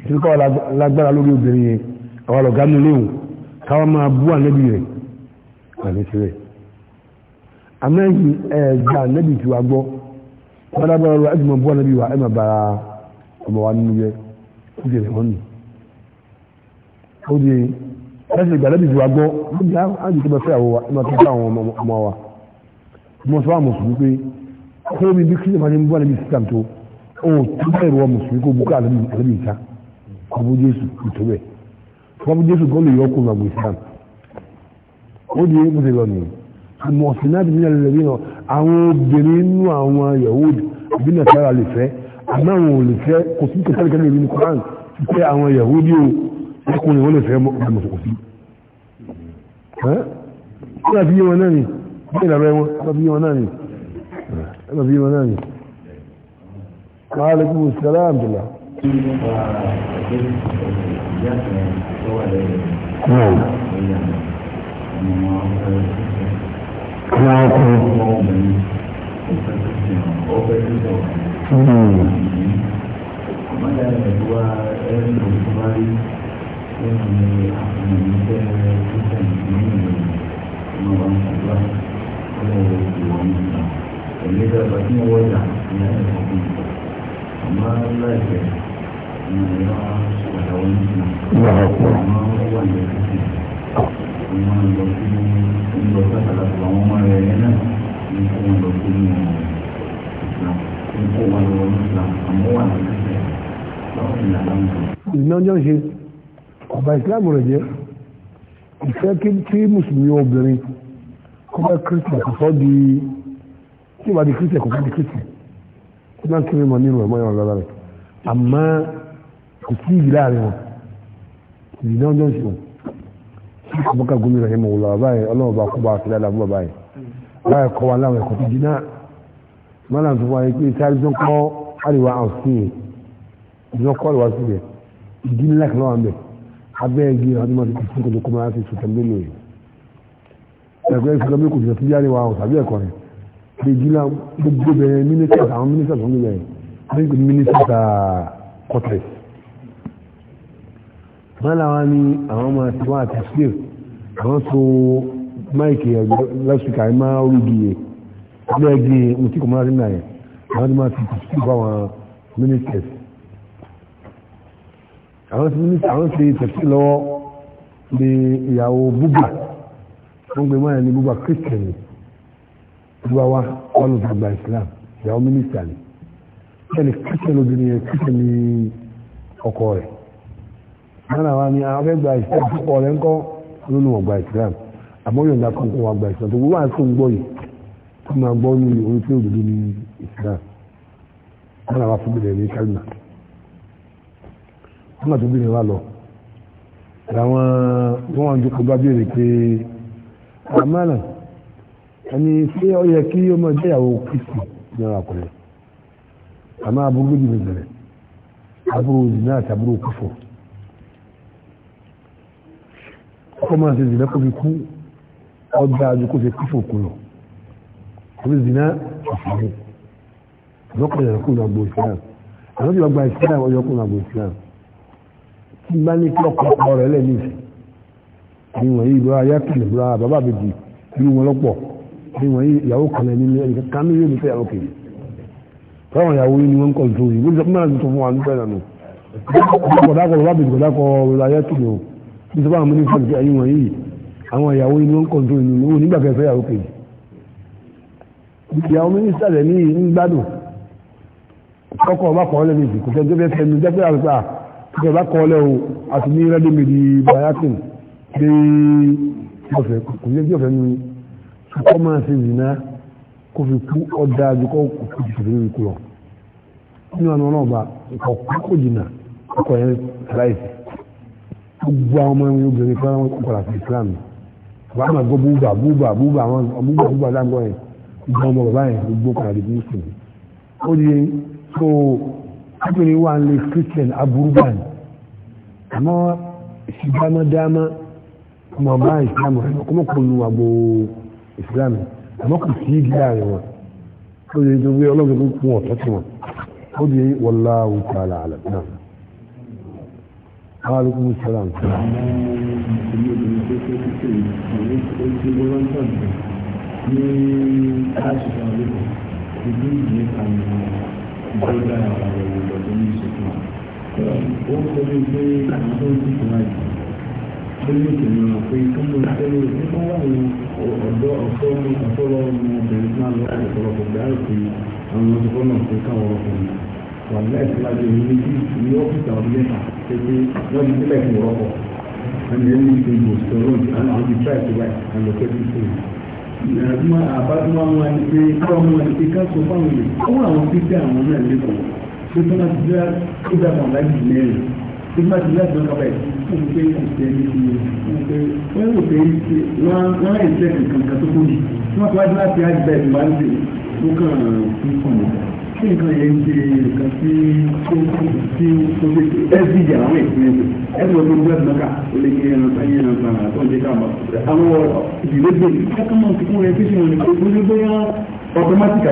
Speaker 1: tìrìkọ́ lágbára lórí obìnrin yẹn àwọn ọ̀gá mi léwu káwọn máa bú ànẹ́bí rẹ̀ àní tirẹ̀ amẹ́yìn ẹ̀ẹ́dà ànẹ́bí ti wá gbọ́ bádábára lọ ẹ̀dùnmọ̀ bú ànẹ́bí wa ẹ̀ máa bára ọmọ wa nínú yẹ kó jẹ̀rẹ̀ wọ́n nù ó di ẹ̀sìn ìgbàlẹ́bí ti wá gbọ́ ó di àjùkọ́ bẹ́ẹ̀ fẹ́ àwọn ọmọ wa mo sọ àwọn mùsùlùmí pé kó mi bí kílíọ̀mù àti mbọ́ àlẹ́bí sísàm tó ó tó bẹ́ẹ̀ rọ mùsùlùmí kó bukọ́ àlẹ́bí ìta kó bú jésù ìtò bẹ́ẹ̀ kó bú jésù kó lè yọ kó màgbé sísàm ó di mo ti lọ nìyí àmọ́ ọ̀sìn náà ti ní alẹ́ lẹ́bí náà àwọn obìnrin nínú àwọn yahood àbí nàìjíríà lè fẹ́ àmọ́ àwọn ò lè fẹ́ kò sí kẹsàn kẹsàn lè ní koran pé àwọn yahood ẹkùnrin wọn lè fẹ́ mọ́ kò sí bí ìlànà ẹwọn ẹbí wọn náà ni ẹbí wọn náà ni maaleykum salaam dula.
Speaker 2: Thank you. ìyẹn dàgbà tí wọ́n wọ́jà ìyẹn ní ọ̀gbìn àmọ́ láìpẹ́ ìyẹn wá padà wọ́n ní ìlú àmọ́ wọ́n wà ní ẹ̀kúnṣe wọ́n lọ sí ń lọ sàkàlà tó àwọn ọmọ rẹ̀ yẹn náà ní kó wọn lọ sí ní ìsìlám ní kó wọn lọ ní ìsìlám àmọ́ wà ní ẹ̀kúnṣe báwọn ìlànà ń lọ.
Speaker 1: ìná jọ ṣe ọba ìsìlámù rẹ̀ jẹ́ ìfẹ́ kí mùsùlùmí obìnrin kọ́ bá kírísítà kò sọ́ di tí wàá di kristian kò fún di kristian kí náà kiri mọ nílùú ẹ̀mọ́ yẹn lọ́la rẹ̀ àmọ́ kò sí ìyí láàrin wọn ìyí náà jọ́ ìṣòwò sí àbúkà gómìn rẹ̀ mọ̀ wòlò bàbá yẹn ọlọ́wọ́ kó bá a sílẹ̀ àdàbọ̀ bàbá yẹn báyẹn kọ́ wa láwọn ẹ̀kọ́ tó jiná mọ́nà tó wáyé pé sáré tó ń kọ́ àríwá àwòsíyè ìjọ kọ́ àríwá sí yẹn ìdí ńlá kan wà ń bẹ̀ abẹ́ igi kọ́ mọ́ sùn tẹ̀mílẹ̀ lóye gbèjìlá gbogbo bẹ̀rẹ̀ mínísítà àwọn mínísítà tó ń bẹ̀rẹ̀ bẹ́ẹ̀ mínísítà kọ́tẹ̀. mọ́lá wa ní àwọn ọmọ àti wọn àti sílẹ̀ àwọn so máìkì lásìkò àyè máa ń rúgi yẹ bẹ́ẹ̀ gé ohun tí kò máa rí náà yẹ àwọn tó máa ti tì sí fáwọn mínísítà. àwọn ti mínísítà àwọn ti tẹ̀sí lọ́wọ́ ní ìyàwó búbà wọ́n gbé mọ́ ẹ̀ ní búbà kírísítẹ̀nì ìgbà wa wọn lò fún gba islam ìyàwó mínísítà ni ẹni kíkẹ́ lóbìnrin yẹn kíkẹ́ ní ọkọ rẹ̀ nánà wa ni àwọn fẹ́ gba islam ọkọ rẹ̀ ńkọ́ lónìí wọn gba islam àmọ́ yóò dá kókó wa gba islam tó wọ́n wá sí gbọ́ yìí tó máa gbọ́ ní orí tí òdodo ní islam nánà wa fún mi lẹ́yìn kálínà wọ́n náà tó bí mi wá lọ làwọn wọ́n wá ń jókòó bá bí èrè pé àmàlà ẹni ṣé ọ yẹ kí ọmọ ẹgbẹ́ ìyàwó kristi náà kọlẹ̀ àmọ́ aburú méjì bẹ̀rẹ̀ aburú zina àti aburú kúfọ̀ ọkọ máa ṣe zina kó fi kú ọgbà àjò kó fi kúfọ̀ kú lọ orí zina ìfàmù lọ́kọ̀ yẹn kó nàgbò islam àwọn tí wọ́n gba islam ọyọ kó nàgbò islam tí bá ní kí ọkọ̀ ọ̀rọ̀ ìsìn ni wọ̀nyí ìlú ayé kìlẹ̀ bùrọ̀ bàbá mi di wọn lọ́pọ̀ ní wọ́n ìyàwó kan ní ní ẹnìkan kan ní yóò ní fẹ́yàwó kejì táwọn ìyàwó yìí ni wọ́n ń kọ̀ǹtò yìí wọ́n ti sọ fún mẹ́rin tuntun fún wa nígbà náà gbọ̀dákọ̀ wọ́n bìí gbọ̀dákọ̀ ìlàyé tìlò ní sọ́bà àwọn mínísítà ti ẹ̀yìn wọ̀nyí àwọn ìyàwó yìí ni wọ́n ń kọ̀ǹtò yìí ni wọ́n nígbà kẹfẹ́ ìyàwó kejì ìyàwó mínísítà rẹ̀ ọba kọ́ o àti ní rẹ́dí mi di bayatin dé ọ̀fẹ́ kò ní ọ̀fẹ́ mi kọ́ máa ṣe zina kó fi kú ọ̀dà ju kọ́ kú ju fèrè wí kú lọ. nínú àwọn ọ̀nà ọba nǹkan kú kò jìnnà ọkọ̀ yẹn sàláìsì gbogbo àwọn ọmọ yẹn obìnrin fún àwọn ọkọ̀ àti Islam bàbá máa gbọ́ búbà búbà búbà àwọn búbà búbà dáńgọ́ yẹn gbọ́ ọmọ bàbá yẹn gbogbo kan àti Mùsùlùmí. ó di so obìnrin wà ń lé Christian aburú báyìí àmọ́ ìṣìdámọ́dámọ́ ọmọ bá Islam rẹ̀ ọkọ̀ mọ́kànlú àgbò ìsìlámù àmọ́ kò sí igi láàrin wọn ó yẹ kí wọ́n ọlọ́run kò kún ọ̀tọ́ sí wọn ó di wallahu ta'ala a'lam náà. Alaikum
Speaker 2: salaam. Ó sọ pé àwọn tó ń tìkọ̀ láìpẹ́ lórí ìtẹ̀lé wọn pé kánú tẹ́lẹ̀ nípa láwọn ọ̀dọ́ ọ̀fọ́ ní ọ̀fọ́lọ́ ọmọbìnrin náà lọ ọ̀pọ̀lọpọ̀ gbáàrú pé àwọn ọ̀dọ́ náà pé káwọn ọkùnrin wà láìsí láti orí méjì ní ọ́fíìsì àwọn mẹ́ta pépé lọ́dún sílẹ̀ fún ọkọ̀ ẹni ẹni ti gbò sọ̀rọ̀ àwọn àwọn fífẹ́ àwọn náà ti nígbà tí lẹ́sìn ọ̀rọ̀ ẹ̀ fún pé ìṣẹ́ ní ti fún pé wọ́n rò pé wọ́n láì jẹ́ nǹkan kan tó kúrò wọ́n tó wájú láti àgbẹ̀ ìbáṣe tó kàn fún fún un kí nǹkan yẹn ń ṣe nǹkan tí ó tí ó ṣe ẹ́sì ìjà àwọn ìpínlẹ̀ ẹ̀sìn ọdún gbẹ́ mẹ́ka ó lè kí ẹran sáyé ẹran sára tó ń jẹ́ káàmọ́ àwọn ìdílé gbé kẹ́kọ̀ọ́ mọ́ ti kún rẹ̀ kí ni pé ó bóyá ọtọmátìkà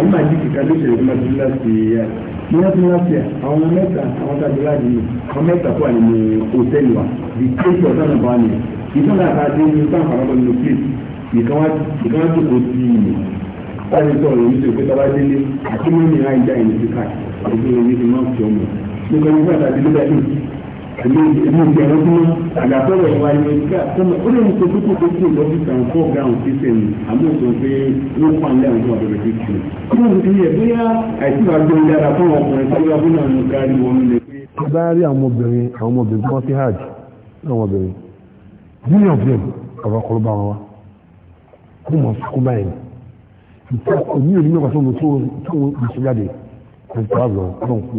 Speaker 2: ní wọ́n ti ń rántí àwọn ọmọ mẹ́ta àwọn tàbí láti ní àwọn mẹ́ta kó wà nínú hòtẹ́ẹ̀lì wa the place of ghana bá ní ìtàn náà ká dé ní sáà fàlọ́bọ̀ nínú place ìkan wá jòkó sí ìlú láti sọ̀rọ̀ yìí tó pé tọ́lá délé àti mímìíràn ìjà ìlú ti ká àti ìgbéyàwó ti máa ń fi ọmọ nípa nípa tàbí lóbẹ́ ilé ìgbà ọdún àgàtọ̀rọ̀ ìwà ilẹ̀ ìgbà tọ́lọ̀ ó lè ní kojú kó tó tó lọ́dún kan fọ́ ọ̀gá àwọn kristian àmúṣọ pé ló pa ilé àwọn ọ̀dọ̀ rẹ̀ kristian. kúrò ní ilé bóyá àìsí wa gbé dára fún ọkùnrin tó yá fún àwọn kárí wọn
Speaker 1: lè. tó bá rí àwọn ọmọbìnrin àwọn ọmọbìnrin kan sí hajj àwọn ọmọbìnrin many of them ọ̀rọ̀ kọ́ bá wọn wá kó mọ̀ sí kó báyìí nǹkan òní òní mẹ́fà tó ń tó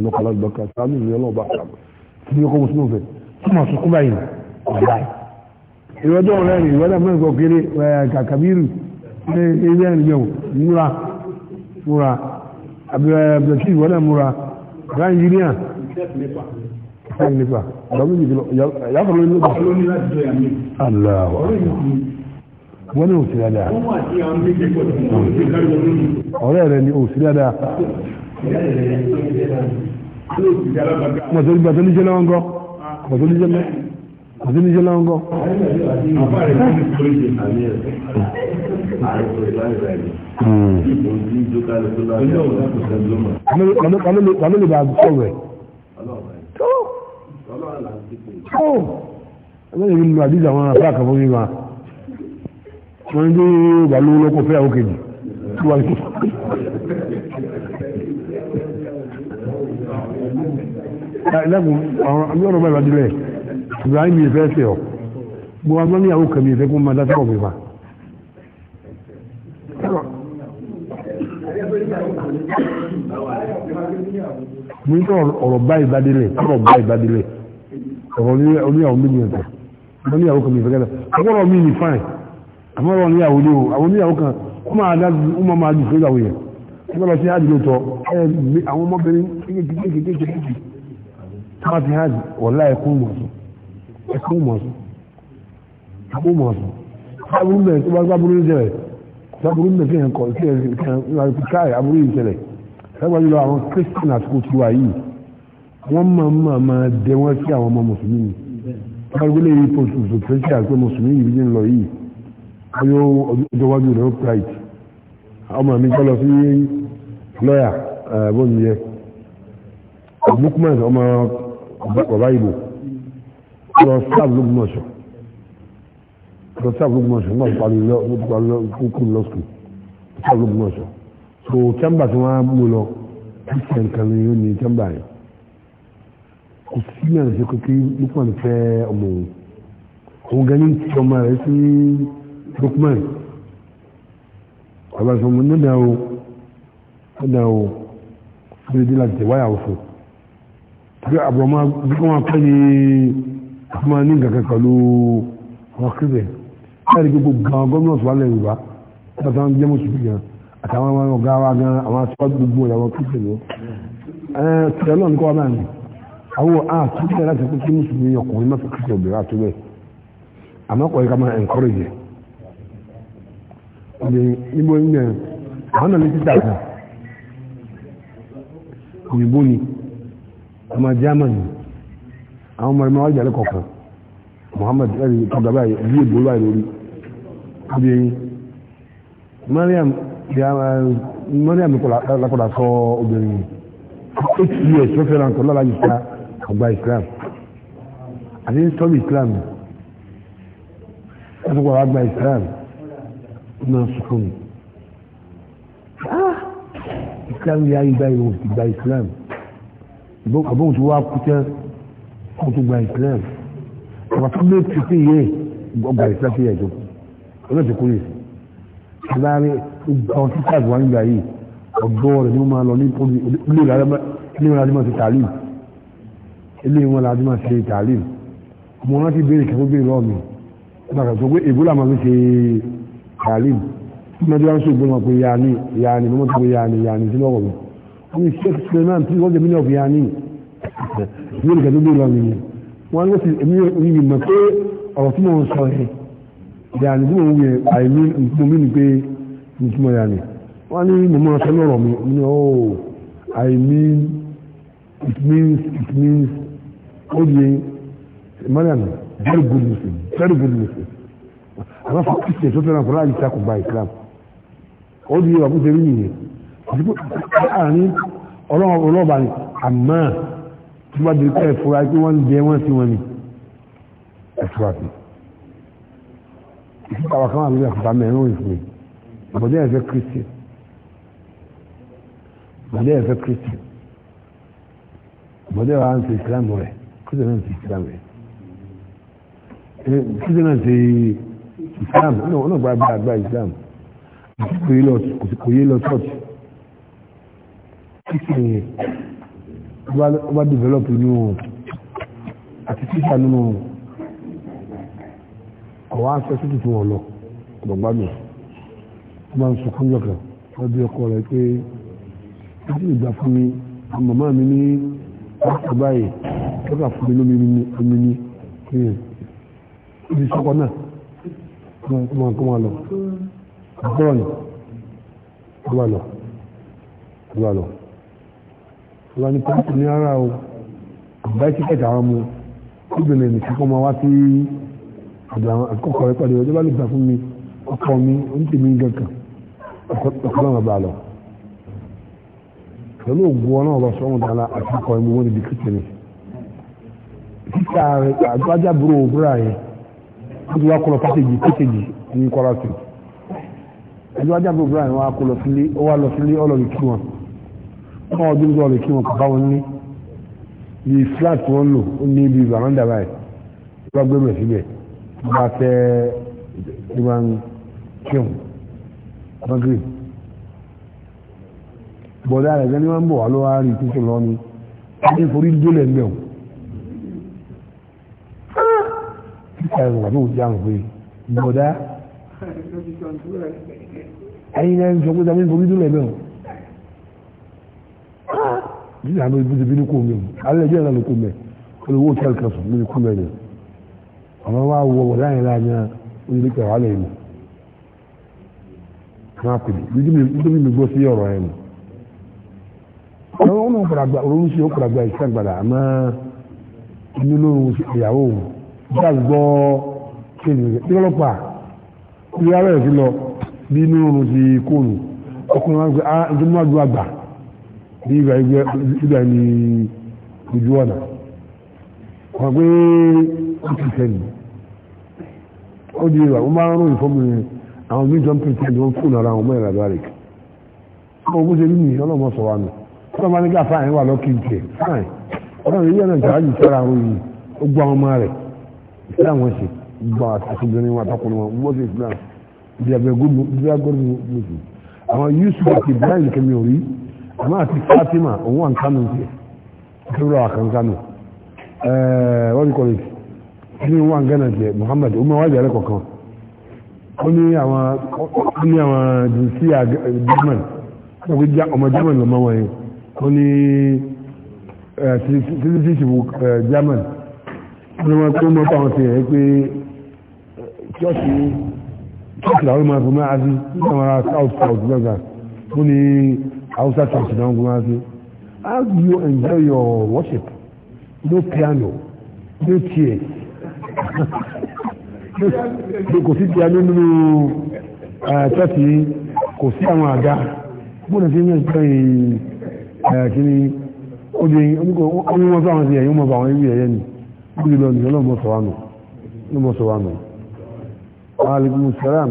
Speaker 1: ń tó ń ní ọkọ̀ mùsùlùmí fẹ́ tí mo sọ kúbà yìí ọ̀dà ìrọ̀jọ́ rẹ̀ rìn ìrọ̀lẹ́ mẹ́rin kọ kéré kàkàbírù ní ilé ẹ̀rìnjẹ̀ múra múra abdulkir ìrọ̀lẹ́ múra nàìjíríà sáyẹn nípa ọ̀dọ́mí nìkan yàtọ̀ lórí lóko. aláwọ̀ wọ́n ní òsì dáadáa. ọ̀rẹ́ rẹ̀ ní òsì dáadáa mọ̀tòlí mọ̀tòlí jẹ́ náà ń gọ́ mọ̀tòlí jẹ́ náà mọ̀tòlí jẹ́ náà ń gọ́. kàló
Speaker 2: lè bá a sọ̀rọ̀ rẹ̀ tó
Speaker 1: ẹgbẹ́ yìí lu àdìsí àwọn afẹ́ àkàfọ́ mi ma wọ́n ń gbé ìgbàlú lọ́kọ̀ fẹ́ àwọn kejì tó wà ní kò. ẹlẹ́gùn àwọn agbẹ́rún bá ìbádílẹ̀ Ibrahim yìí fẹ́ sí ọ bó wa mọ́ní àwọn kẹ̀mí ìfẹ́ kó máa dásọ̀rọ̀ fífa. mo ní ọ̀rọ̀ bá ìbádílẹ̀ ọ̀rọ̀ bá ìbádílẹ̀ ọ̀rọ̀ oníyàwó méjì ọ̀tọ̀ oníyàwó kẹ̀mí ìfẹ́ kẹta ọgbọ́rọ̀ mi ní fáìn àmọ́ ọ̀rọ̀ oníyàwó ni o àwọn oníyàwó kan ó máa dá ó máa máa dùn fún ìyàwó yẹn ẹgbẹ́ lọ sí àdìgbò tọ àwọn ọmọbìnrin kékeré wọ́n ti hajj wọ́lá ẹ̀kú mọ̀ọ́sùn ẹ̀kú mọ̀ọ́sùn ẹ̀kú mọ̀ọ́sùn sábúrú mẹ́rin tó bá sábúrú ìṣẹ̀lẹ̀ sábúrú mẹ́rin fi hàn kọ́ sí ẹ̀sìn káì aburú ìṣẹ̀lẹ̀ sábàjú lọ àwọn kristian àsìkò tí wà yìí wọ́n máa ń máa máa dẹ wọ́n sí àwọn ọmọ mùsùlùmí káàgbélé yìí pọ̀ṣùṣù kristian pé mùsùlùmí yìí ń lọ yìí ọyọ ọjọ́wájú rẹ̀ ó pride ọmọ mi kọ́ lọ sí lọ́yà bọ́ọ̀nù yẹ Bookman ọmọ bàbá ìbò lọ sáàbù lógúnmọ̀ṣọ́ lọ sáàbù lógúnmọ̀ṣọ́ nígbà tó parí lọ tó parí lọ tó kú lọ sùkú sáàbù lógúnmọ̀ṣọ́ so tẹ́ḿbà tí wọ́n á mú lọ kristian kan ní yóò ní tẹ́ḿbà yẹn kò sí náà ṣe kókè lukman fẹ́ ọmọ òun òun gan ní ti ọmọ rẹ̀ sí lukman àbàṣọ ọmọ nígbà wo nígbà wo ó lè dé láti tẹ̀ wáyà òfin bí àbọ̀mọ́ gbígbọ́n wọn pẹ́ ní ọmọ ní nǹkan kan pẹ̀lú ọmọ kíbẹ̀ láti gbogbo gan gómìnà tó wà lẹ́yìn wa tọ́ta ń jẹ́ mùsùlùmí gan àtàwọn ọmọ ọgá wa gan àwọn aṣọ gbogbo ìyàwó kíbẹ̀ lọ. tẹ̀lé náà ní kọ́ náà ni àwọn àtúntẹ̀ láti pé kí mùsùlùmí ọkùnrin má fi kíbẹ̀ obìnrin àtúbẹ̀ àmọ́ kọ́ ẹ̀ka máa encourage níbo ní àwọn náà ní títà kan òyìnbó ni ọmọ germany àwọn ọmọ ìmọ̀ ọjà lẹ́kọ̀ọ̀kan Muhammad ẹ̀rí tọ́gbà báyìí bí ìbò wà lórí ọbẹ̀ yìí Mariam Mariam lápọ̀dà sọ obìnrin eight years ló fẹ́ràn tó lọ́la yìí sá ọgbà Islam àti sọ́ọ̀bù Islam ẹ̀sùn pọ̀ àgbà Islam náà sọ́kùnrin ah! Islam yà á yí báyìí wọ́n ti gba Islam àbóhùn tí wọ́n á kú tẹ́ kó tó gba Islam àwọn tó lé ti fi yé ọgbà Islam fi yẹjọ ọlọ́ọ̀ ti kú yìí láàrin àwọn tí sáà wà nígbà yìí ọ̀dọ́ rẹ̀ ni wọ́n máa lọ ní ilé ìwọ̀n láti máa ṣe tàlíìmù ilé ìwọ̀n láti máa ṣe tàlíìmù mo rántí béèrè kẹfọ́ béèrè lọ́ọ̀ mi nígbà kan sọ pé èbó là máa fi ṣe tàlíìmù mọ́tò wá ń sọ ìgbóná pé yaani yaani mọ́tò pé yaani yaani sí lọ́wọ́ mi ní sheikh suleiman tí wọ́n jẹ́ mílíọ̀nù bíi àní ní olùkọ́ tó dé lọ nìyẹn wọ́n lọ sí èmi yìí mọ̀ pé ọ̀rọ̀ tí mo ń sọ yẹn bí àní tí mo ń oh, I mean it means it means ó di very good muslim very good muslim àwọn fún christian tó fẹ́ràn fún láàyè ìtakùn gba islam àárín ọlọ́ọ̀bà ni àmọ́ tí wọ́n di pé ẹ̀fúra pé wọ́n ń jẹ wọ́n sí wọn ni ẹ̀fúra sí ìfúnpá wa kan wà lórí àfúnpá mẹ́rin òun ìfúnni àbọ̀dé ẹ̀fẹ́ kristi àbọ̀dé ẹ̀fẹ́ kristi àbọ̀dé wa ń ṣe ìsìlámù rẹ̀ kristi náà ń ṣe ìsìlámù rẹ̀ kristi náà ń ṣe ìsìlámù náà gba àgbà ìsìlámù àti kò yé lọ church kíkẹ́ ọba develop inú àti kíkà nínú ọwọ́ aṣọ sí tuntun ọ̀lọ́ ọ̀gbọ̀gbá mi ó máa ń sunkún yọ̀kà wọ́n bí ọkọ rẹ̀ pé títí ìgbà fún mi màmá mi ní ọkọ̀ báyìí lọ́kà fún mi lómi omi ní ibi sọ́kọ náà kó máa kó máa lọ bọ́ọ̀lù kó máa lọ kó máa lọ ìwà ní pọ́ńtì ní ara o àbá tíkẹ́tì àwọn ọmọ obìnrin nìkan kọ́ máa wá sí ọ̀dọ̀ àwọn akọ́kọ̀ọ́ rẹ pàdé ọjọ́ bá lè gbà fún mi ọkọ mi ó ń tèmi gankan ọkọ náà bá lọ pẹ̀lú ògùn ọ náà bá sọ wọn dáná àti ọkọ ẹmu wọn níbi kìtìrì títà rẹ àgbájá burú òwúrọ̀ àyẹ ó ti wá kọ́ lọ pàtẹ́jì pàtẹ́jì ní kọ́lá sí ẹjọ́ ajá burú òwúrọ̀ àyẹ wọn á kọ́ lọ sílé ó ọmọ ọdún tó lè kí wọn kọ báwọn ní bí flat wọn lò ó ní ibi veranda báyìí wọn gbé bẹ̀rẹ̀ síbẹ̀ wọn bá tẹ ẹ wọn kíun wọn gírì bọ̀dá rẹ̀ gẹ́ni wọn bọ̀ wá ló wá rí títí lọ ní ẹni forí délẹ̀ ń bẹ̀ wọn. títà ẹ̀rọ wà ní òjá ń pè bọ̀dá ẹ̀yin náà ń sọ pé ta forí délẹ̀ ń bẹ̀ wọn bí àná ibi ti bí ní kò mẹ alẹ́ jẹ́ ìlànà kò mẹ olówó hòtẹ́ẹ̀lì kan sùn ní kò mẹ ni àwọn wa wọ wọ̀dá yẹn láàyè oye ní kẹwàá lẹ́yìn mi kan kò ní nítorí mi gbọ́ sí ọ̀rọ̀ yẹn ni àwọn ọmọ òkùnàgbà òun ṣe òkùnàgbà ìṣẹ́ àgbàdà àmọ́ inú ló ń ìyàwó òun bí àgbọ̀ kéde rẹ̀ bí ọlọ́pàá ìyàwó ẹ̀ sí lọ bí inú òun ti kóòlù ọkùnrin wa gbé ah ìdúnmọ́ àgbà ní ibà ibẹ̀ ibà ní ojú ọ̀nà wọn pé ó ti sẹ́ni ó di ìwà wọn bá ń ròyìn fọ́ọ̀mù yẹn àwọn méjì ń pèsè ìdíwọ́n fún ara àwọn mẹ́rin àbárí ọmọ ogun ṣe nínú ìyọ́nà ọmọ sọ̀wá nù ọmọ bá ní ká fáìn wà lọ́kì ìkẹ́ fáìn ọmọ ìyá náà jàrájì sára àwọn yìí ó gbọ́ àwọn ọmọ rẹ̀ ìṣẹ́ àwọn ṣe gbọ́ àtàkùnrin wọn àtàkùnrin wọn mọ́sí Islam ìdíyàgbẹ́ gómìnà àwọn Yusuf àti Ibrahim kẹmi ò rí àmọ́ àti Fatima òun wà ń kánú tiẹ̀ ìṣòro àkàn kánú wọ́n kọ́ ní kí wọ́n ń gánà tiẹ̀ Muhammad ó máa wájà rẹ̀ kọ̀ọ̀kan ó ní àwọn ó ní àwọn jùsí German ọmọ ọmọ German lọ́mọ wọn yìí ó ní citizenship German ó ní eh, eh, wọn tó mọ́ fáwọn tiẹ̀ pé chọ́ọ̀ṣì eh, chọ́ọ̀ṣì làwọn máa fi máa á sí ní àwọn ará south south gbọ́ngàn ó ní Hausa church náà ń gbọ́n sí how do you enjoy your worship no piano no tears
Speaker 2: kò sí piano nínú eh, church yìí kò sí àwọn àga
Speaker 1: gbọ́dọ̀ sí eh, ní ẹ̀jọ́ ìkíní obìnrin onímọ̀ bá wọn sí ẹ̀yìn mọ̀ bá wọn ibi ẹ̀yẹ ni bí lọ nìyẹn lọ́mọ sọ wà nù lọ́mọ sọ wà nù. Wa alaikum salaam.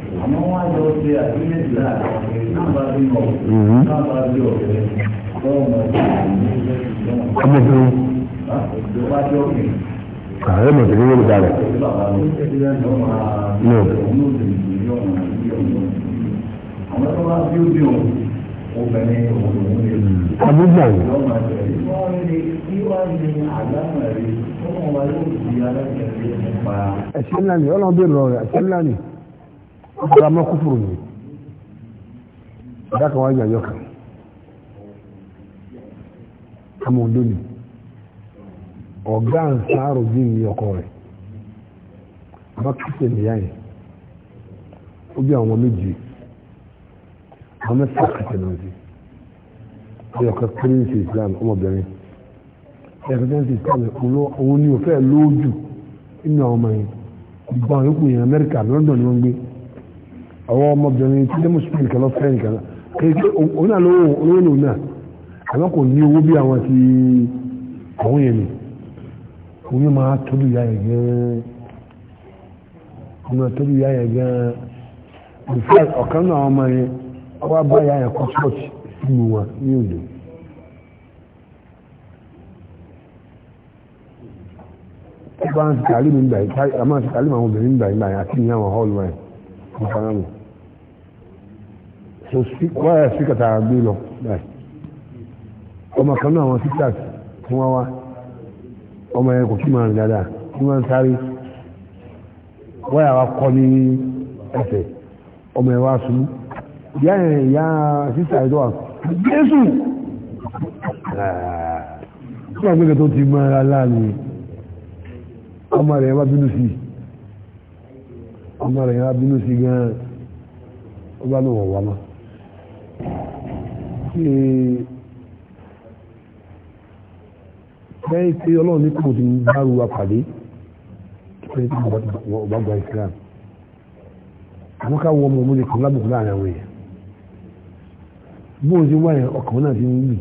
Speaker 2: àmọ́ wọ́n á lọ ṣe àgbélẹ̀ ìlà nàbà bí mọ̀ nàbà bí ọ̀rẹ́ lọ́wọ́ ọmọbìnrin ìjọba jọ kì í. ààrẹ mọ̀ tẹ́lẹ̀ yóò darẹ̀. àbúgbà yìí.
Speaker 1: ẹ̀sìn ńlá ni ọlọ́run bẹ̀rẹ̀ rẹ̀ ẹ̀sìn ńlá ni ọ̀rọ̀ àmọ́ kúfùrù ni ìdá kan wáyé àyọ́ kan àmọ́ òdó ni ọ̀gá ń sáàrò bí ní ọkọ rẹ̀ àmọ́ kíkẹ́ nìyá yẹn ó bí àwọn méjì àwọn mẹ́fà kíkẹ́ náà sí ọyọ kan péré Islam ọmọbìnrin ẹ̀ka kan Islam òun ni ò fẹ́ nínú àwọn ọmọ yẹn gbọ́n yókù yẹn Amẹ́ríkà London ni wọ́n gbé. àwọn ọmọbìnrin tí dẹ́mọ̀ sùpìlì kan lọ́fẹ́ nìkan kéèké òun náà lówó olówó náà àmọ́ kò ní owó bí àwọn ti àwọn yẹn ni òun yóò máa tóbi ìyá yẹn gan-an òun máa tóbi ìyá yẹn gan-an nfẹ́ ọ̀kan náà ọmọ yẹn ọwọ́ abá ìyá yẹn kọ́ ṣọ́ọ̀ṣì ní òde. ó bá ń mi ń a mi àwọn obìnrin kò sí wáyà sí kàtà gbé lọ báyìí ọmọ kan náà àwọn sisters tí wọ́n wá ọmọ yẹn kò tí máa rìn dáadáa tí wọ́n ń sáré wáyà wa kọ́ ní ẹsẹ̀ ọmọ yẹn wá sùn ìyá yẹn ìyá sisters tó wà jésù tí wọ́n gbẹ́gẹ́ tó ti máa ra láàánú ọmọ rẹ̀ wá bínú sí ọmọ rẹ̀ wá bínú sí gan-an ó bá lọ wọ̀ wá náà lẹ́yìn tí ọlọ́run ní kò tí ń bárù wa pàdé pé tí wọ́n bá gba Islam àwọn ká wọ́n mọ̀ mọ́lẹ̀ kan lábùkù láàrin àwọn èèyàn bóun ti wáyà ọkàn náà ti ń yìí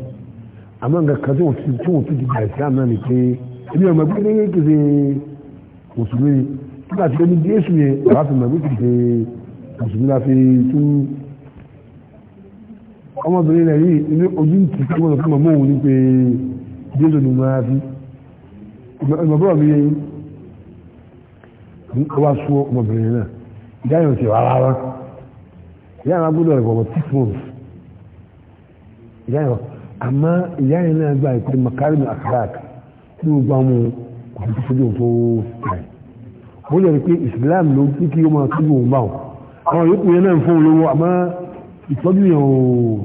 Speaker 1: àmọ́ nǹkan kan tí wọ́n ti tí wọ́n ti di gba Islam náà ni pé ebi ọmọ ẹgbẹ́ kékeré kéde mùsùlùmí nígbà tí ó ní Jésù yẹn àwọn àfihàn ẹgbẹ́ kéde mùsùlùmí láfi tún ọmọbìnrin rẹ̀ yìí ní ojú ti kí wọ́n fún ọmọ òun ní pé jésù ló máa fi ìmọ̀bọ̀rọ̀ mi yẹn ní ọwá sún ọmọbìnrin náà ìyá yóò ti wà rárá ìyá yóò gbọ́dọ̀ rẹ̀ wọ̀ six months ìyá yóò àmọ́ ìyá yẹn náà gba ìpè makari ní akarak tí wọ́n gbọ́ mu kò fi fojú òun tó tẹ̀ ó yẹ kí Islam ló kí kí ó máa tóbi òun bá wọn àwọn yòókù yẹn náà ń fún olówó àmọ́ ìtọ́jú yẹn o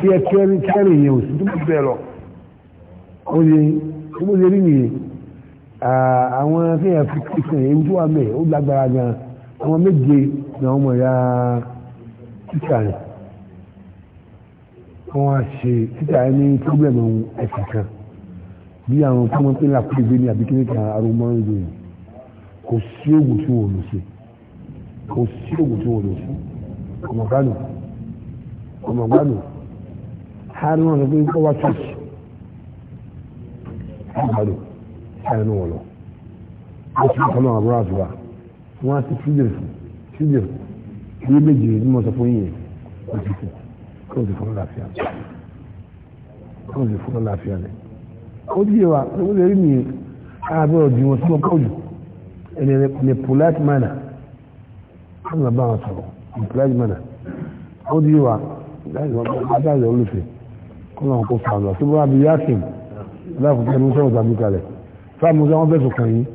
Speaker 1: kí ẹ kẹrin kẹrin yẹn o sì tó bẹ́ẹ̀ lọ ó yẹ tó bó ṣe rí nìyẹn àwọn tí yẹn fi kíkan yẹn tó wà mẹ́ẹ̀ ó lágbára gan àwọn méje ni àwọn ọmọ ya títà yẹn wọ́n á ṣe títà yẹn ní pírọ́blẹ̀mù ẹ̀sìn kan bí àwọn tó wọ́n pè lápúlẹ̀gbé ní àbíkíní kan arúgbó ń lò yìí kò sí oògùn tí wọ́n lò sí kò sí oògùn tí wọ́n lò sí ọmọ kánò ọmọ gbádùn hàánú wọn sọ pé kọ́ wá church àgbàdo hàánú wọn lọ wọ́n ti kọ́ náà àbúrò àtúwà wọ́n á ti fídíò fún fídíò ilé méjì ní mo sọ fún yìí kò sì fún kò sì fún láàfíà kò sì fún láàfíà rẹ̀ ó díye wa ó lè rí nìyẹn àbúrò ju wọn sí kọ́ jù ẹni ní polite manner wọ́n lọ bá wọn sọ̀rọ̀ in polite manner ó díye wa adájọ́ olùfẹ́ kọ́nà kó fàánù àti bọ́lá bí yáàkìm aláàfin tẹ́lẹ̀ musa ọ̀tàbí kalẹ̀ fáà musa wọn fẹ́ sọ̀kan yìí